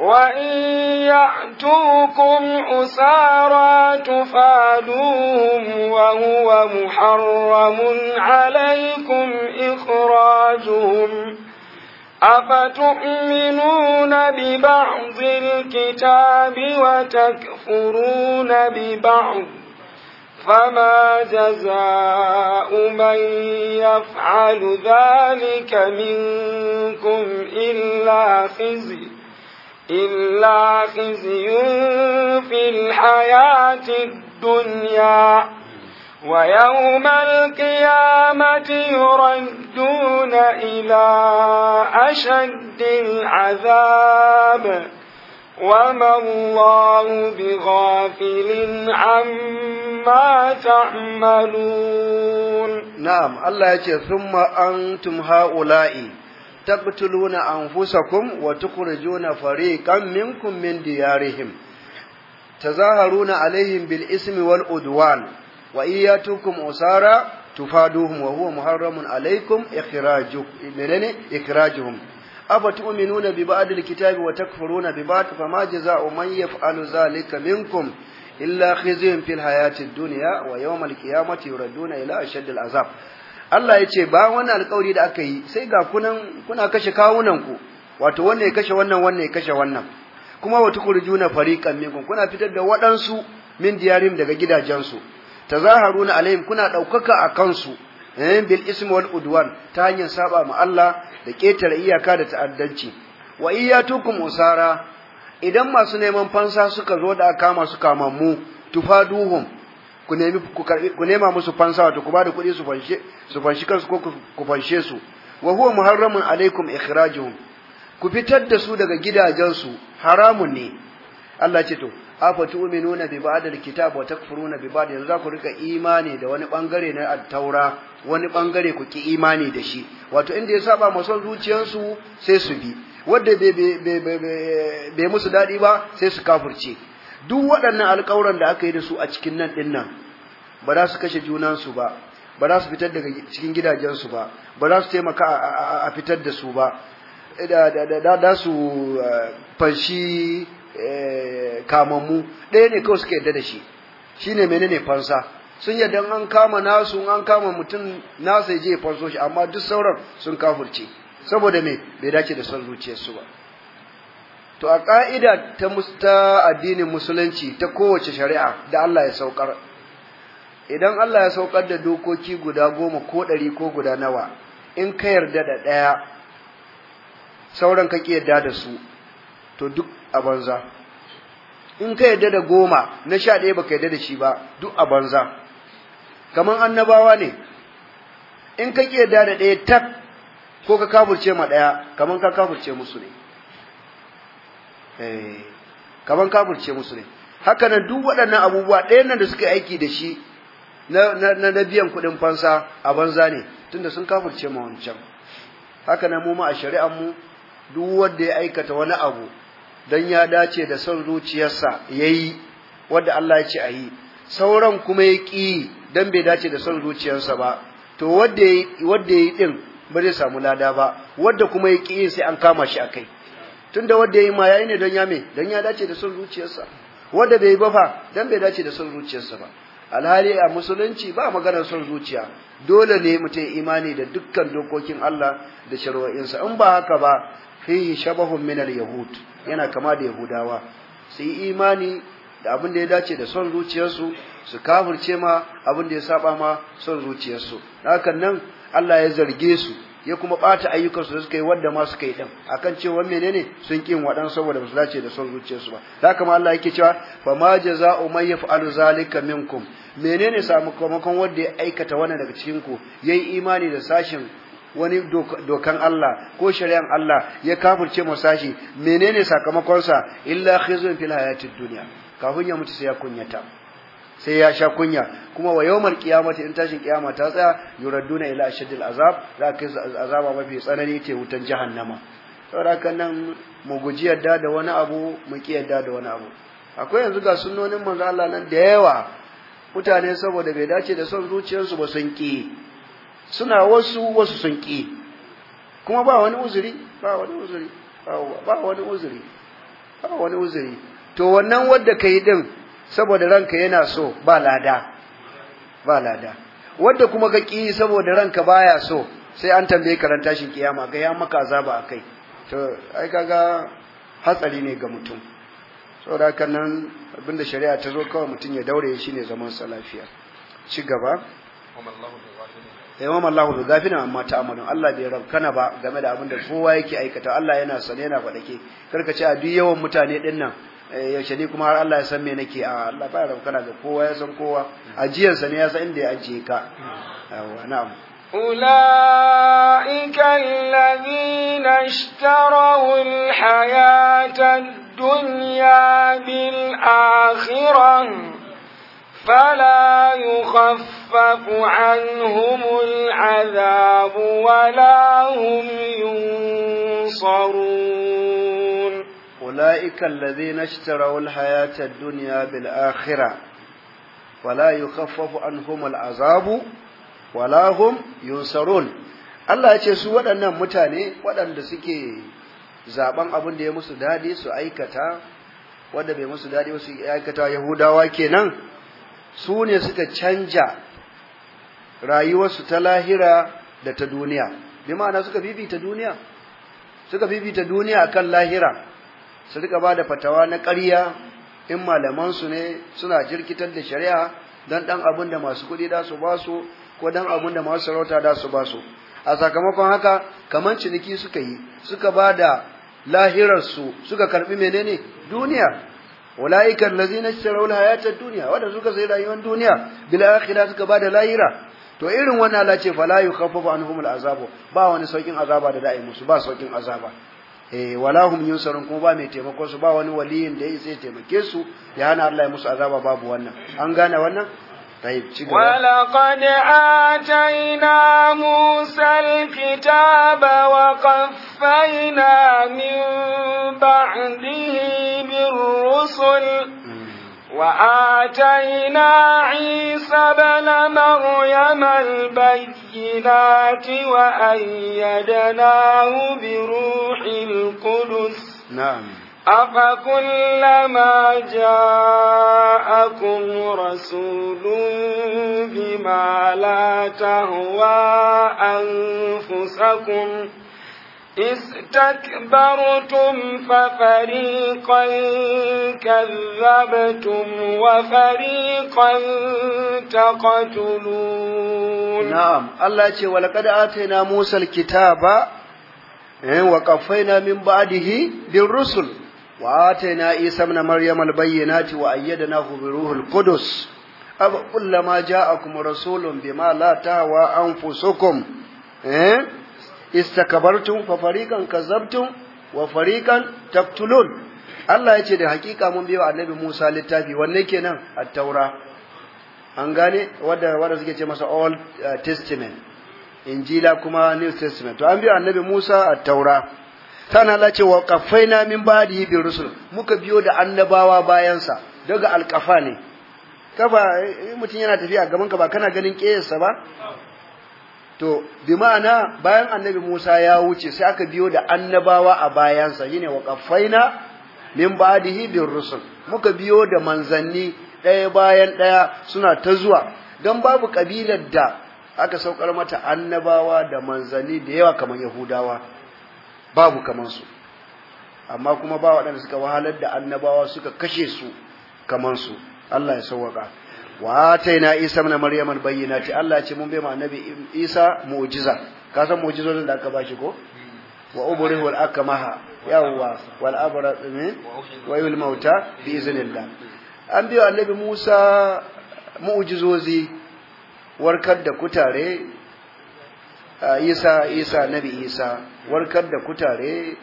S2: وإن يأتوكم أسارى تفادوهم وهو محرم عليكم إخراجهم أفتؤمنون ببعض الكتاب وتكفرون ببعض فما جزاء من يفعل ذلك منكم إلا خزي إلا خزي في الحياة الدنيا ويوم القيامة يردون إلى أشد العذاب وما الله بغافل عما
S1: تعملون نعم الله يجي ثم أنتم هؤلاء تقتلون أنفسكم وتخرجون فريقا منكم من ديارهم تظاهرون عليهم بالإسم والأدوان وإن يأتوكم أسارى تفادوهم وهو محرم عليكم إخراجهم أفتؤمنون ببعض الكتاب وتكفرون ببعض فما جزاء من يفعل ذلك منكم إلا خزي في الحياة الدنيا ويوم القيامة يردون إلى أشد العذاب Allah ya ce ba wannan alƙawari da aka yi sai ga kunan kuna kashe kawunan wato wanne ya kashe wannan wanne ya kashe wannan kuma wa tukurjuna fariqan minkum kuna fitar da waɗansu min diyarim daga gidajensu tazaharuna alaihim kuna ɗaukaka a kansu bil ismi wal udwan ta hanyar saba ma Allah da ƙetare iyaka da ta'addanci wa iyatukum usara idan masu neman fansa suka zo da aka masu kamammu tufaduhum ku nemi ku nema musu fansa wato ku da kuɗi su fanshe su fanshi kansu ko ku fanshe su wa huwa muharramun alaikum ikhrajuhum ku fitar da su daga gidajensu haramun ne Allah ce to afa tu'minuna bi ba'd al-kitab wa takfuruna bi ba'd yanzu ku rika imani da wani bangare na at-taura wani bangare ku ki imani da shi wato inda ya saba ma son zuciyarsu sai su bi wanda bai musu dadi ba sai su kafurce duk waɗannan alƙawuran da aka yi da su a cikin nan ɗin nan ba za su kashe junansu ba ba za su fitar daga cikin gidajensu ba ba za su taimaka a fitar da su ba da su eh, fanshi Eh, kamammu ɗaya ne kawai suka yadda da shi Shi shine menene fansa sun yadda an kama nasu an kama mutum nasa ya je ya fanso shi amma duk sauran sun kafurce saboda me bai dace da son zuciyarsu ba to a ƙa'ida ta musta addinin musulunci ta kowace shari'a da Allah ya saukar idan Allah ya saukar da dokoki guda goma ko ɗari ko guda nawa in ka yarda da ɗaya sauran ka ƙi yarda da su to duk a banza in ka yarda da goma na sha ɗaya ba ka yarda da shi ba duk a banza kamar annabawa ne in ka ƙi yadda da ɗaya tak ko ka kafurce ma ɗaya kamar ka kafurce musu ne eh, kamar kafurce musu ne haka duk waɗannan abubuwa ɗaya nan da suka aiki da shi na na biyan kuɗin fansa a banza ne tunda sun kafurce ma wancan Hakanan mu ma a shari'ar mu duk wanda ya aikata wani abu dan ya dace da son zuciyarsa yayi wanda Allah ya ce a yi sauran kuma ya ƙi dan bai dace da son zuciyarsa ba to wanda wanda ya din ba zai samu lada ba wanda kuma ya ƙi sai an kama shi akai tunda wanda yayi ma yayi ne don ya me don ya dace da son zuciyarsa wanda bai ba fa dan bai dace da son zuciyarsa ba alhali a musulunci ba maganar son zuciya dole ne mutum imani da dukkan dokokin Allah da shari'o'insa in ba haka ba fihi shabahun min al-yahud yana kama da yahudawa su yi imani da abin da ya dace da son zuciyarsu su kafirce ma abin da ya saba ma son zuciyarsu hakan nan Allah ya zarge su ya kuma bata su da suka yi wanda ma suka yi din akan cewa menene sun kin wadan saboda ba su dace da son zuciyarsu ba haka ma Allah yake cewa fa ma jazaa'u man yaf'alu zalika minkum menene sakamakon wanda ya aikata wannan daga cikin ku yayi imani da sashin wani dokan Allah ko shari'an Allah ya kafirce musashi menene sakamakonsa illa khizun fil hayatid dunya kafin ya mutu sai ya kunyata sai ya sha kunya kuma wa yawmal qiyamati in tashin qiyama ta tsaya yuraduna ila ashadil azab za kai azaba mafi tsanani ce wutan jahannama saboda haka nan mu guji yadda da wani abu mu ki yadda da wani abu akwai yanzu ga sunnonin manzo Allah nan da yawa mutane saboda bai dace da son zuciyarsu ba sun ki suna wasu wasu sun ƙi kuma ba wani uzuri ba wani uzuri ba wani uzuri ba wani uzuri to wannan wadda ka yi din saboda ranka yana so ba lada ba lada wadda kuma ka ƙi saboda ranka baya so sai an tambaye ka ran tashin kiyama ga ya maka azaba akai to ai kaga hatsari ne ga mutum saboda haka nan abinda shari'a ta zo kawai mutum ya daure shi ne zaman sa lafiya ci gaba ya wama Allahu bi gafina amma ta'malun Allah bai rankana ba game da abin da kowa yake aikata Allah yana sane yana faɗake karka ce a duk yawan mutane din nan eh, yaushe ne kuma har Allah ya san me nake a Allah ba rankana ga kowa ya san kowa ajiyarsa ne ya san inda ya ajiye ka yawa na'am أولئك
S2: الذين اشتروا الحياة الدنيا بالآخرة فلا يخفف عنهم العذاب ولا هم
S1: ينصرون أولئك الذين اشتروا الحياة الدنيا بالآخرة ولا يخفف عنهم العذاب ولا هم ينصرون Allah ya ce su waɗannan mutane waɗanda suke zaɓen abin da ya musu daɗi su aikata, wanda bai musu daɗi su aikata Yahudawa kenan, su ne suka canja rayuwarsu ta lahira da ta duniya bi ma'ana suka fifita duniya suka fifita duniya akan lahira su rika ba da fatawa na karya, in malamansu ne suna jirkitar da shari'a don ɗan abin da masu kuɗi da su ba su ko ɗan abin da masu sarauta da su ba su a sakamakon haka kamar ciniki suka yi suka ba da lahirarsu suka karɓi menene duniya ulaika allazina ishtaraw alhayata ad duniya, wanda suka sai rayuwar duniya bil akhirah suka ba da lahira to irin wannan Allah ce fala an anhum al'azabu ba wani saukin azaba da da'i musu ba saukin azaba eh wala hum kuma ba mai taimako su ba wani waliyin da yake sai taimake su ya hana Allah musu azaba babu wannan an gane wannan طيب
S2: ولقد آتينا موسى الكتاب وقفينا من بعده بالرسل وآتينا عيسى بن مريم البينات وأيدناه بروح القدس نعم أفكلما جاءكم رسول بما لا تهوى أنفسكم استكبرتم ففريقا كذبتم وفريقا
S1: تقتلون نعم الله يقول ولقد آتينا موسى الكتاب وقفينا من بعده بالرسل Wa ta isa na Maryam al-bayyana ta wa'ayyadana ruhul hirar ruhun Kudus? Aba kulluma ja a kuma rasulun bima, latawa, anfusokom, istakabartun, fafarikan kazartun, wafarikan tattalol. Allah ya ce da haƙiƙa mun biyo annabi Musa littafi. Wannan ke nan taura. An gane wadda suka ce masa Old uh, testament, Injila kuma New testament. To an biyo annabi Musa a taura. tana la ce wa qafaina min ba'dihi bi rusul muka biyo da annabawa bayansa daga alqafa ne kafa eh, mutum yana tafiya gaban ka ba kana ganin ƙeyarsa ba to bi ma'ana bayan annabi Musa ya wuce sai aka biyo da annabawa a bayansa shine wa qafaina min ba'dihi bi rusul muka biyo da manzanni ɗaya bayan ɗaya suna ta zuwa don babu ƙabilar da aka saukar mata annabawa da manzani da yawa kamar Yahudawa babu kaman amma kuma ba waɗanda suka wahalar da annabawa suka kashe su kaman su Allah ya sauwaka wa ataina isa ibn maryam al bayyinati Allah ya ce mun bai ma annabi isa mu'jiza ka san mu'jizar da aka bashi ko wa ubrihu al akmaha yawwa wal abra wa yul mauta bi iznillah an biyo annabi musa mu'jizozi warkar da kutare isa isa nabi isa warkar da kutare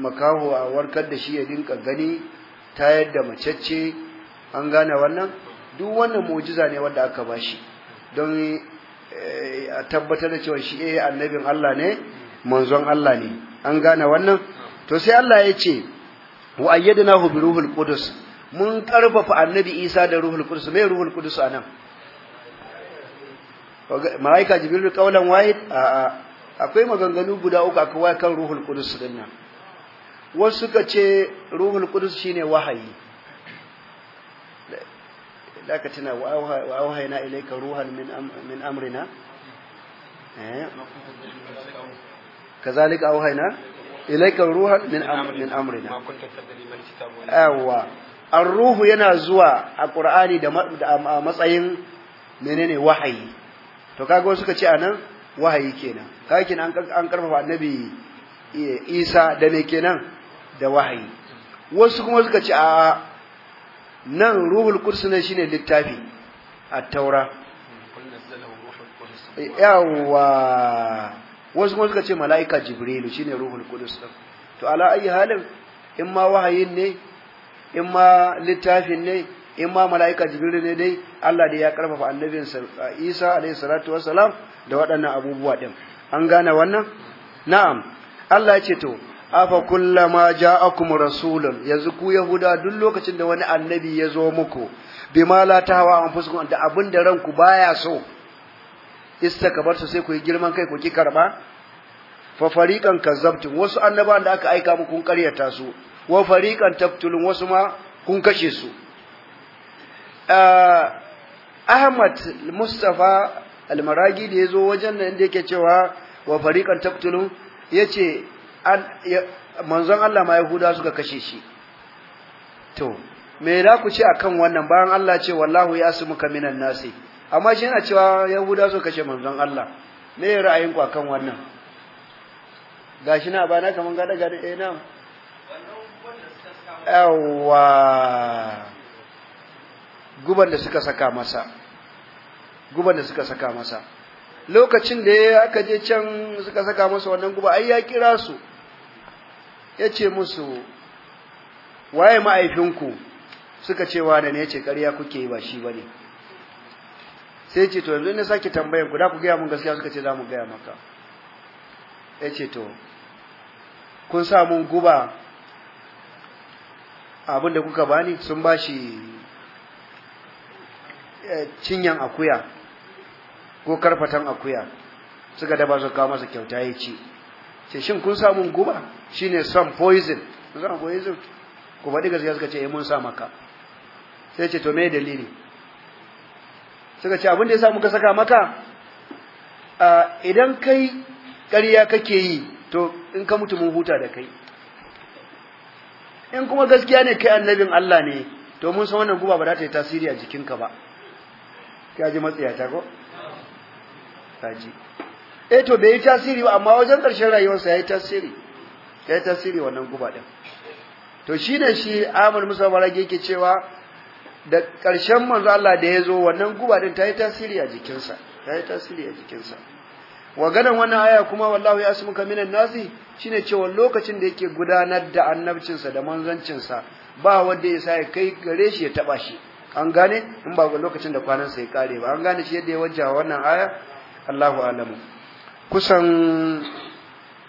S1: makaho a warkar da shi ya dinka gani ta yadda macece an gane wannan duk wannan mujiza ne wanda aka bashi don eh, a tabbatar da cewa shi eh annabin Allah ne manzon Allah ne an gane wannan to sai Allah ya ce wa ayyadnahu bi ruhul qudus mun karfafa annabi Isa da ruhul qudus me ruhul qudus anan malaika jibril kaulan wahid a akwai maganganu guda uku akwai kan ruhul qudus din nan wasu suka ce ruhul qudus shine wahayi da ka tuna wa auhayna ilayka ruhan min min amrina eh kazalika auhayna ilayka ruhan min min amrina aywa ar-ruhu yana zuwa a qur'ani da matsayin menene wahayi to kaga suka ce anan wahayi kenan kaga kenan an karfafa annabi eh, Isa da ne kenan da wahayi wasu kuma suka ce a nan ruhul kursi ne shine littafi at-taura yawa wasu kuma suka ce mala'ika jibrilu shine ruhul qudus to ala ayi halin in ma wahayin ne in ma littafin ne in ma mala'ika jibril ne dai Allah da ya karfafa annabin Isa alaihi salatu wassalam da waɗannan abubuwa din an gane wannan na'am Allah ya ce to afa kullama ja'akum rasulun yanzu ku yahuda duk lokacin da wani annabi ya zo muku bima la tahwa anfusukum da abin da ranku baya so istakabartu sai ku yi girman kai ku ki karba fa fariqan kazzabtum wasu annaban da aka aika muku kun karyata su wa fariqan taqtulun wasu ma kun kashe su Ahmad Mustafa Almaragi da yazo wajen nan da yake cewa wa fariqan ya yace manzon Allah ma Yahuda suka kashe shi to me za ku ce akan wannan bayan Allah ce wallahu ya asmuka minan nasi amma shi yana cewa Yahuda suka kashe manzon Allah me ra'ayin ku akan wannan gashi na bana kaman gada gada eh na yawwa guban da suka saka masa guban da suka saka masa lokacin da ya aka je can suka saka masa wannan guba ai ya kira su ya ce musu waye ma'aifinku suka ce wa da ne ya ce ƙarya kuke yi ba shi ba ne sai ce to yanzu ne saki tambayar ku da ku gaya mun gaskiya suka ce za mu gaya maka ya ce to kun sa mun guba abin da kuka bani sun ba shi Eh, cinyan akuya ko karfatan akuya suka daba su kawo masa kyauta ya ci ce shin kun samu guba shine son poison kun samu poison ku faɗi gaskiya suka ce eh mun sa maka sai ce to me dalili suka ce abin da sa muka saka maka idan kai ƙarya kake yi to in ka mutu mun huta da kai in kuma gaskiya ne kai annabin Allah ne to mun san wannan guba ba za ta yi tasiri a jikinka ba ka ji matsiyata ko ka ji eh to bai yi tasiri ba amma wajen ƙarshen rayuwarsa ya yi tasiri ya yi tasiri wannan guba ɗin to shi ne shi Ahmad Musa Barage yake cewa da ƙarshen manzo Allah da ya zo wannan guba ɗin ta yi tasiri a jikinsa ta yi tasiri a jikinsa wa ganin wannan aya kuma wallahu ya asmuka minan nasi shine cewa lokacin da yake gudanar da annabcinsa da manzancinsa ba wanda ya sa ya kai gare shi ya taba shi an gane in ba lokacin da kwanan sai kare ba an gane shi yadda ya wajja wannan aya Allahu alamu kusan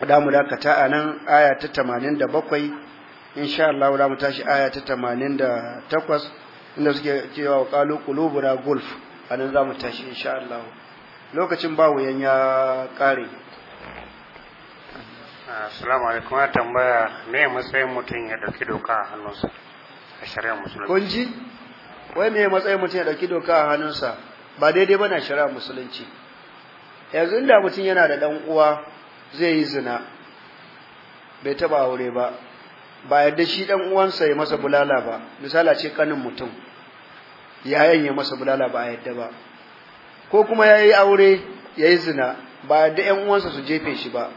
S1: da mu dakata a nan aya ta 87 insha Allah za mu tashi aya ta 88 inda suke cewa wa qalu qulubuna gulf anan za mu tashi insha Allah lokacin ba wuyan ya kare
S3: Assalamu alaikum ya tambaya me matsayin mutum ya dauki doka a hannunsa a shari'ar musulunci.
S1: wai me matsayin mutum ya dauki doka a hannunsa ba daidai bana shari'a musulunci yanzu inda mutum yana da dan uwa zai yi zina bai taba aure ba ba yadda shi dan uwansa ya masa bulala ba misala ce kanin mutum yayan ya masa bulala ba yadda ba ko kuma yayi aure yayi zina ba yadda yan uwansa su jefe shi ba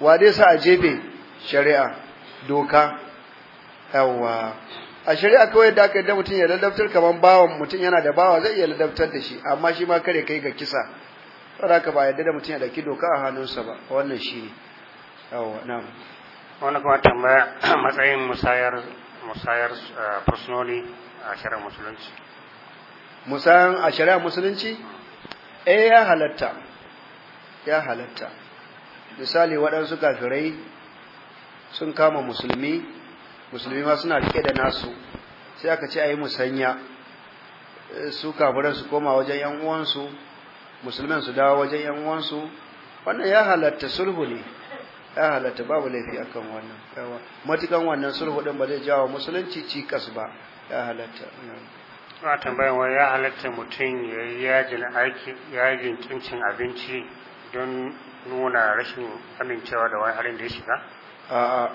S1: wa dai sa a jefe shari'a doka yawwa a shari'a kawai da aka yi da mutum ya ladabtar kamar bawan mutum yana da bawa zai iya ladabtar da shi amma shi ma kare kai ga kisa tsara ka ba yadda da mutum ya daki doka a hannunsa ba wannan shi ne
S3: yawa kuma tambaya (clears throat) matsayin musayar musayar uh, a shari'ar musulunci
S1: musayan a shari'a musulunci eh ya halatta ya halatta misali waɗansu kafirai sun kama musulmi musulmi ma suna rike da nasu sai aka ce ayi musanya su kafiran su koma wajen yan uwansu musulmin su dawo wajen yan uwansu wannan ya halatta sulhu ne ya halatta babu laifi akan wannan yawa matukan wannan sulhu din ba zai jawo musulunci cikas ba ya halatta
S3: a tambayan wa ya halatta mutum ya yi yajin aiki yajin kincin abinci don nuna rashin amincewa da wani halin da ya shiga
S1: a'a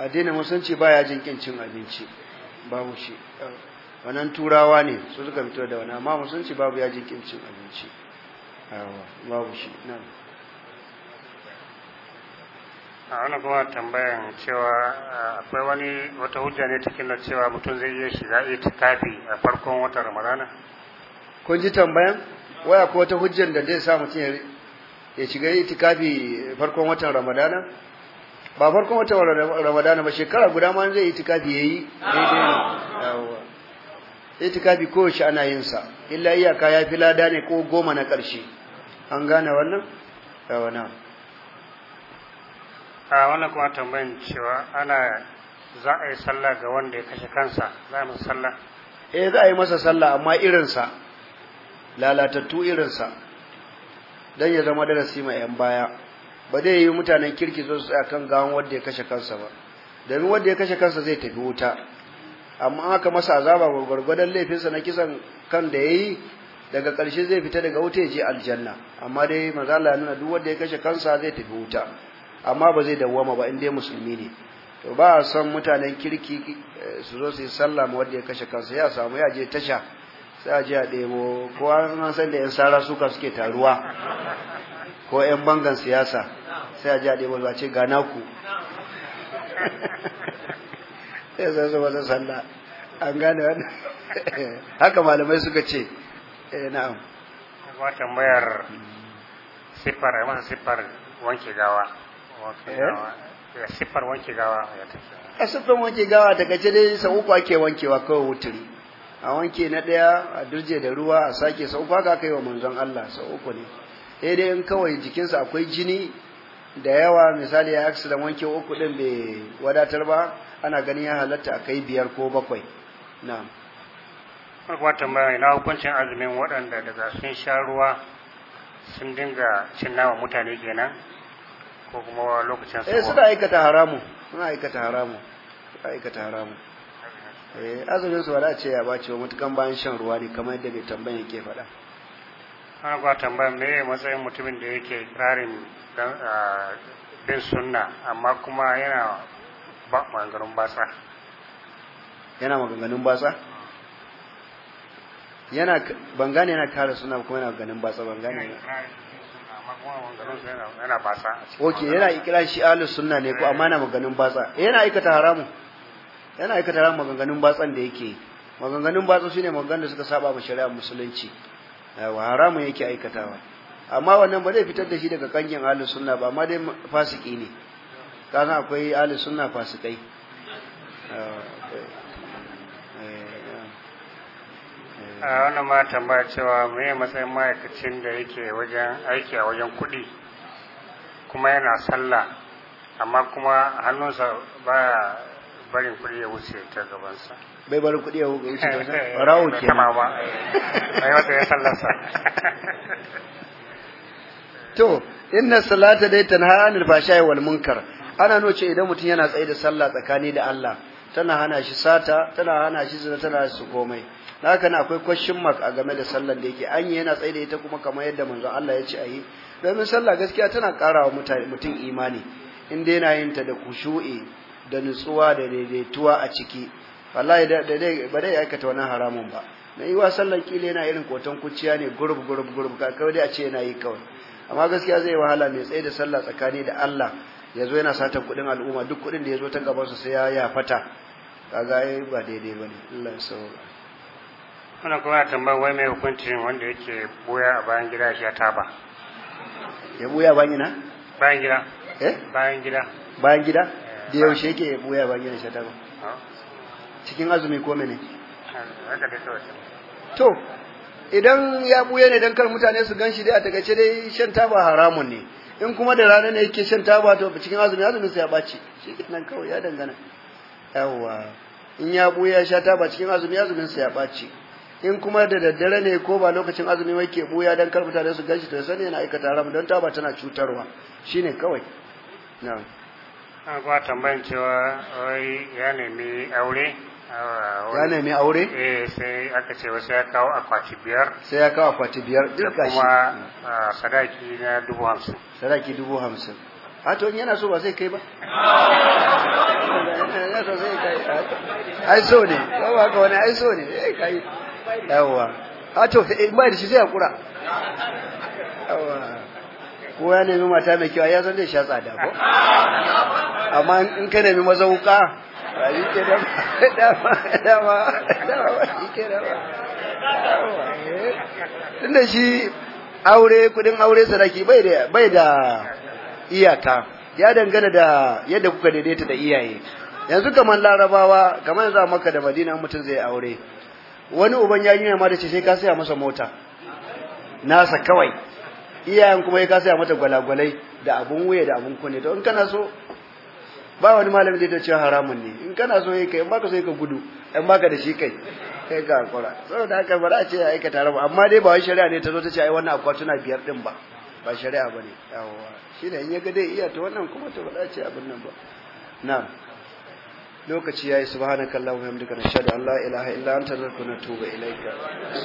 S1: addinin musulunci baya jin kin cin abinci babu shi wannan turawa ne su suka fito da wani amma musulunci babu ya jin kin cin abinci babu shi nan
S3: a wani kuma tambayan cewa akwai wani wata hujja ne cikin na cewa mutum zai iya shiga kafi a farkon watan ramadana
S1: kun ji tambayan waya ko wata hujjan da zai sa mutum ya shiga itikafi farkon watan ramadana ba farkon wata ramadana ba shekara guda ma zai itikafi yayi daidai ko shi ana yin sa illa iyaka ya fi lada ne ko goma na ƙarshe an gane wannan wana
S3: a wannan kuma tambayin cewa ana za a yi sallah ga wanda ya kashe kansa za a yi masa sallah
S1: eh za a yi masa sallah amma irinsa lalatattu irinsa don ya zama darasi mai yan baya ba zai yi mutanen kirki zo su kan gawan wanda ya kashe kansa ba domin wanda ya kashe kansa zai tafi wuta amma aka masa azaba gwargwadon laifinsa na kisan kan da ya yi daga ƙarshe zai fita daga wuta ya je aljanna amma dai maza Allah nuna duk wanda ya kashe kansa zai tafi wuta amma ba zai dawwama ba in dai musulmi ne to ba a son mutanen kirki eh, su zo su yi sallah ma wanda ya kashe kansa ya samu ya je tasha sai a je a ɗebo ko an san da yan sara suka suke taruwa ko yan bangan siyasa sai a ji a ɗebo a ce gana ku. sai sai su wata sallah an gane wani haka malamai suka ce eh,
S3: na'am ba tambayar siffar yawan siffar wanke gawa eh? siffar wanke gawa ya tafiya
S1: a siffar wanke gawa ta kace dai sau uku ake wankewa kawai wuturi a wanke na ɗaya a dirje da ruwa a sake sau uku haka kai wa manzon Allah sau uku ne sai dai in kawai jikinsa akwai jini da yawa misali ya da wanke uku din bai wadatar ba ana ganin ya halatta akai biyar ko bakwai
S3: na'am akwai tambaya ina hukuncin azumin waɗanda daga sun sha ruwa sun dinga cin nama mutane kenan ko kuma lokacin eh suna
S1: aikata haramu suna aikata haramu suna aikata haramu eh azumin su wala ce ya bace wa mutukan bayan shan ruwa ne kamar yadda bai tambaye ke faɗa
S3: ana kuwa tambayar me matsayin mutumin da yake ƙarin bin sunna amma kuma yana maganganun batsa
S1: yana maganganun batsa
S3: yana ban yana
S1: kare suna kuma yana ganin batsa ban ne yana batsa ok yana ikira shi ahlus sunna ne ko eh. amma yana maganganun batsa eh, yana aikata haramu yana aikata haramu maganganun batsan da yake maganganun batsa shine maganganun da suka saba ma shari'ar musulunci wa haramun yake aikatawa amma wannan ba zai fitar da shi daga kangin ahlus sunna ba amma dai fasiki ne kaza akwai ahlus sunna fasikai eh, eh, eh, a wannan
S3: ma tambaya cewa me matsayin ma'aikacin da yake wajen aiki a wajen kuɗi kuma yana sallah amma kuma hannunsa baya barin kuɗi ya wuce ta gabansa
S1: bai bari kuɗi ya huga da wajen rawo ke kama ba
S3: wata ya sallarsa
S1: to inna salata dai tanha anil fashai wal munkar ana ce idan mutum yana tsaye da sallah tsakani da Allah tana hana shi sata tana hana shi zina tana su komai haka na akwai kwashin mark a game da sallar da yake an yi yana tsaye da ita kuma kamar yadda manzo Allah ya ce a yi domin sallah gaskiya tana ƙara wa mutum imani in dai yana yin ta da kushu'i da nutsuwa da daidaituwa a ciki wallahi da ba dai aikata wannan haramun ba na yi wa sallan kila yana irin kotan kuciya ne gurub gurub gurub ka kawai dai a ce yana yi kawai amma gaskiya zai wahala mai tsaye da sallah tsakani da Allah ya zo yana satan kuɗin al'umma duk kuɗin da ya zo ta gaban su sai ya yafata kaga ai ba daidai bane Allah ya sauka
S3: wannan kuma tambayar wai mai hukuncin wanda yake boya a bayan gida shi ya taba
S1: ya boya bayan gida
S3: bayan gida eh bayan gida
S1: bayan gida da yaushe yake boya bayan gida shi ya taba cikin azumi ko mene to idan ya buye ne dan kar mutane su ganshi dai a takaice dai shan taba haramun ne in kuma da rana ne yake shan taba to cikin azumi azumin sa ya baci shi nan kawai ya dangana yawa in ya buye ya sha taba cikin azumi azumin sa ya baci in kuma da daddare ne ko ba lokacin azumi wai ke buya dan kar mutane su ganshi to ya sani yana aikata haram don taba tana cutarwa shine kawai na'am
S3: ba tambayin cewa wai ya nemi aure ya nemi aure eh sai aka ce wasu ya kawo akwati biyar
S1: sai ya kawo akwati biyar duk gashi kuma
S3: sadaki na dubu hamsin sadaki dubu hamsin
S1: Hato to yana so ba zai kai ba
S4: (laughs) yana so zai
S1: kai ai so ne ba ba ka wani ai ne zai eh, kai yawa a to eh, ba da shi zai hakura yawa ko ya nemi mata mai kyau ya zan zai sha tsada ko (laughs) amma in ka nemi mazauka ba shi ke tunda shi aure kudin aure sadaki bai da bai da iyaka ya dangana da yadda kuka daidaita da iyaye yanzu kaman larabawa kaman yanzu a maka da madina mutum zai aure wani uban ya yi ma da ce sai ka saya masa mota nasa kawai iyayen kuma ya ka saya mata gwalagwalai da abun wuya da abun kunne to in kana so ba wani malami da ya ce haramun ne in kana so yi kai in baka so yi ka gudu in baka da shi kai kai ka hakura saboda haka ba za a ce ya aikata haramu amma dai ba wai shari'a ne ta zo ta ce ai wannan akwatuna biyar din ba ba shari'a ba ne yawowa shi ne in ya ga dai iya ta wannan kuma ta ba za a ce abin nan ba na lokaci ya yi subhanakallahumma hamdika nashhadu an la ilaha illa anta nastaghfiruka wa natubu ilaika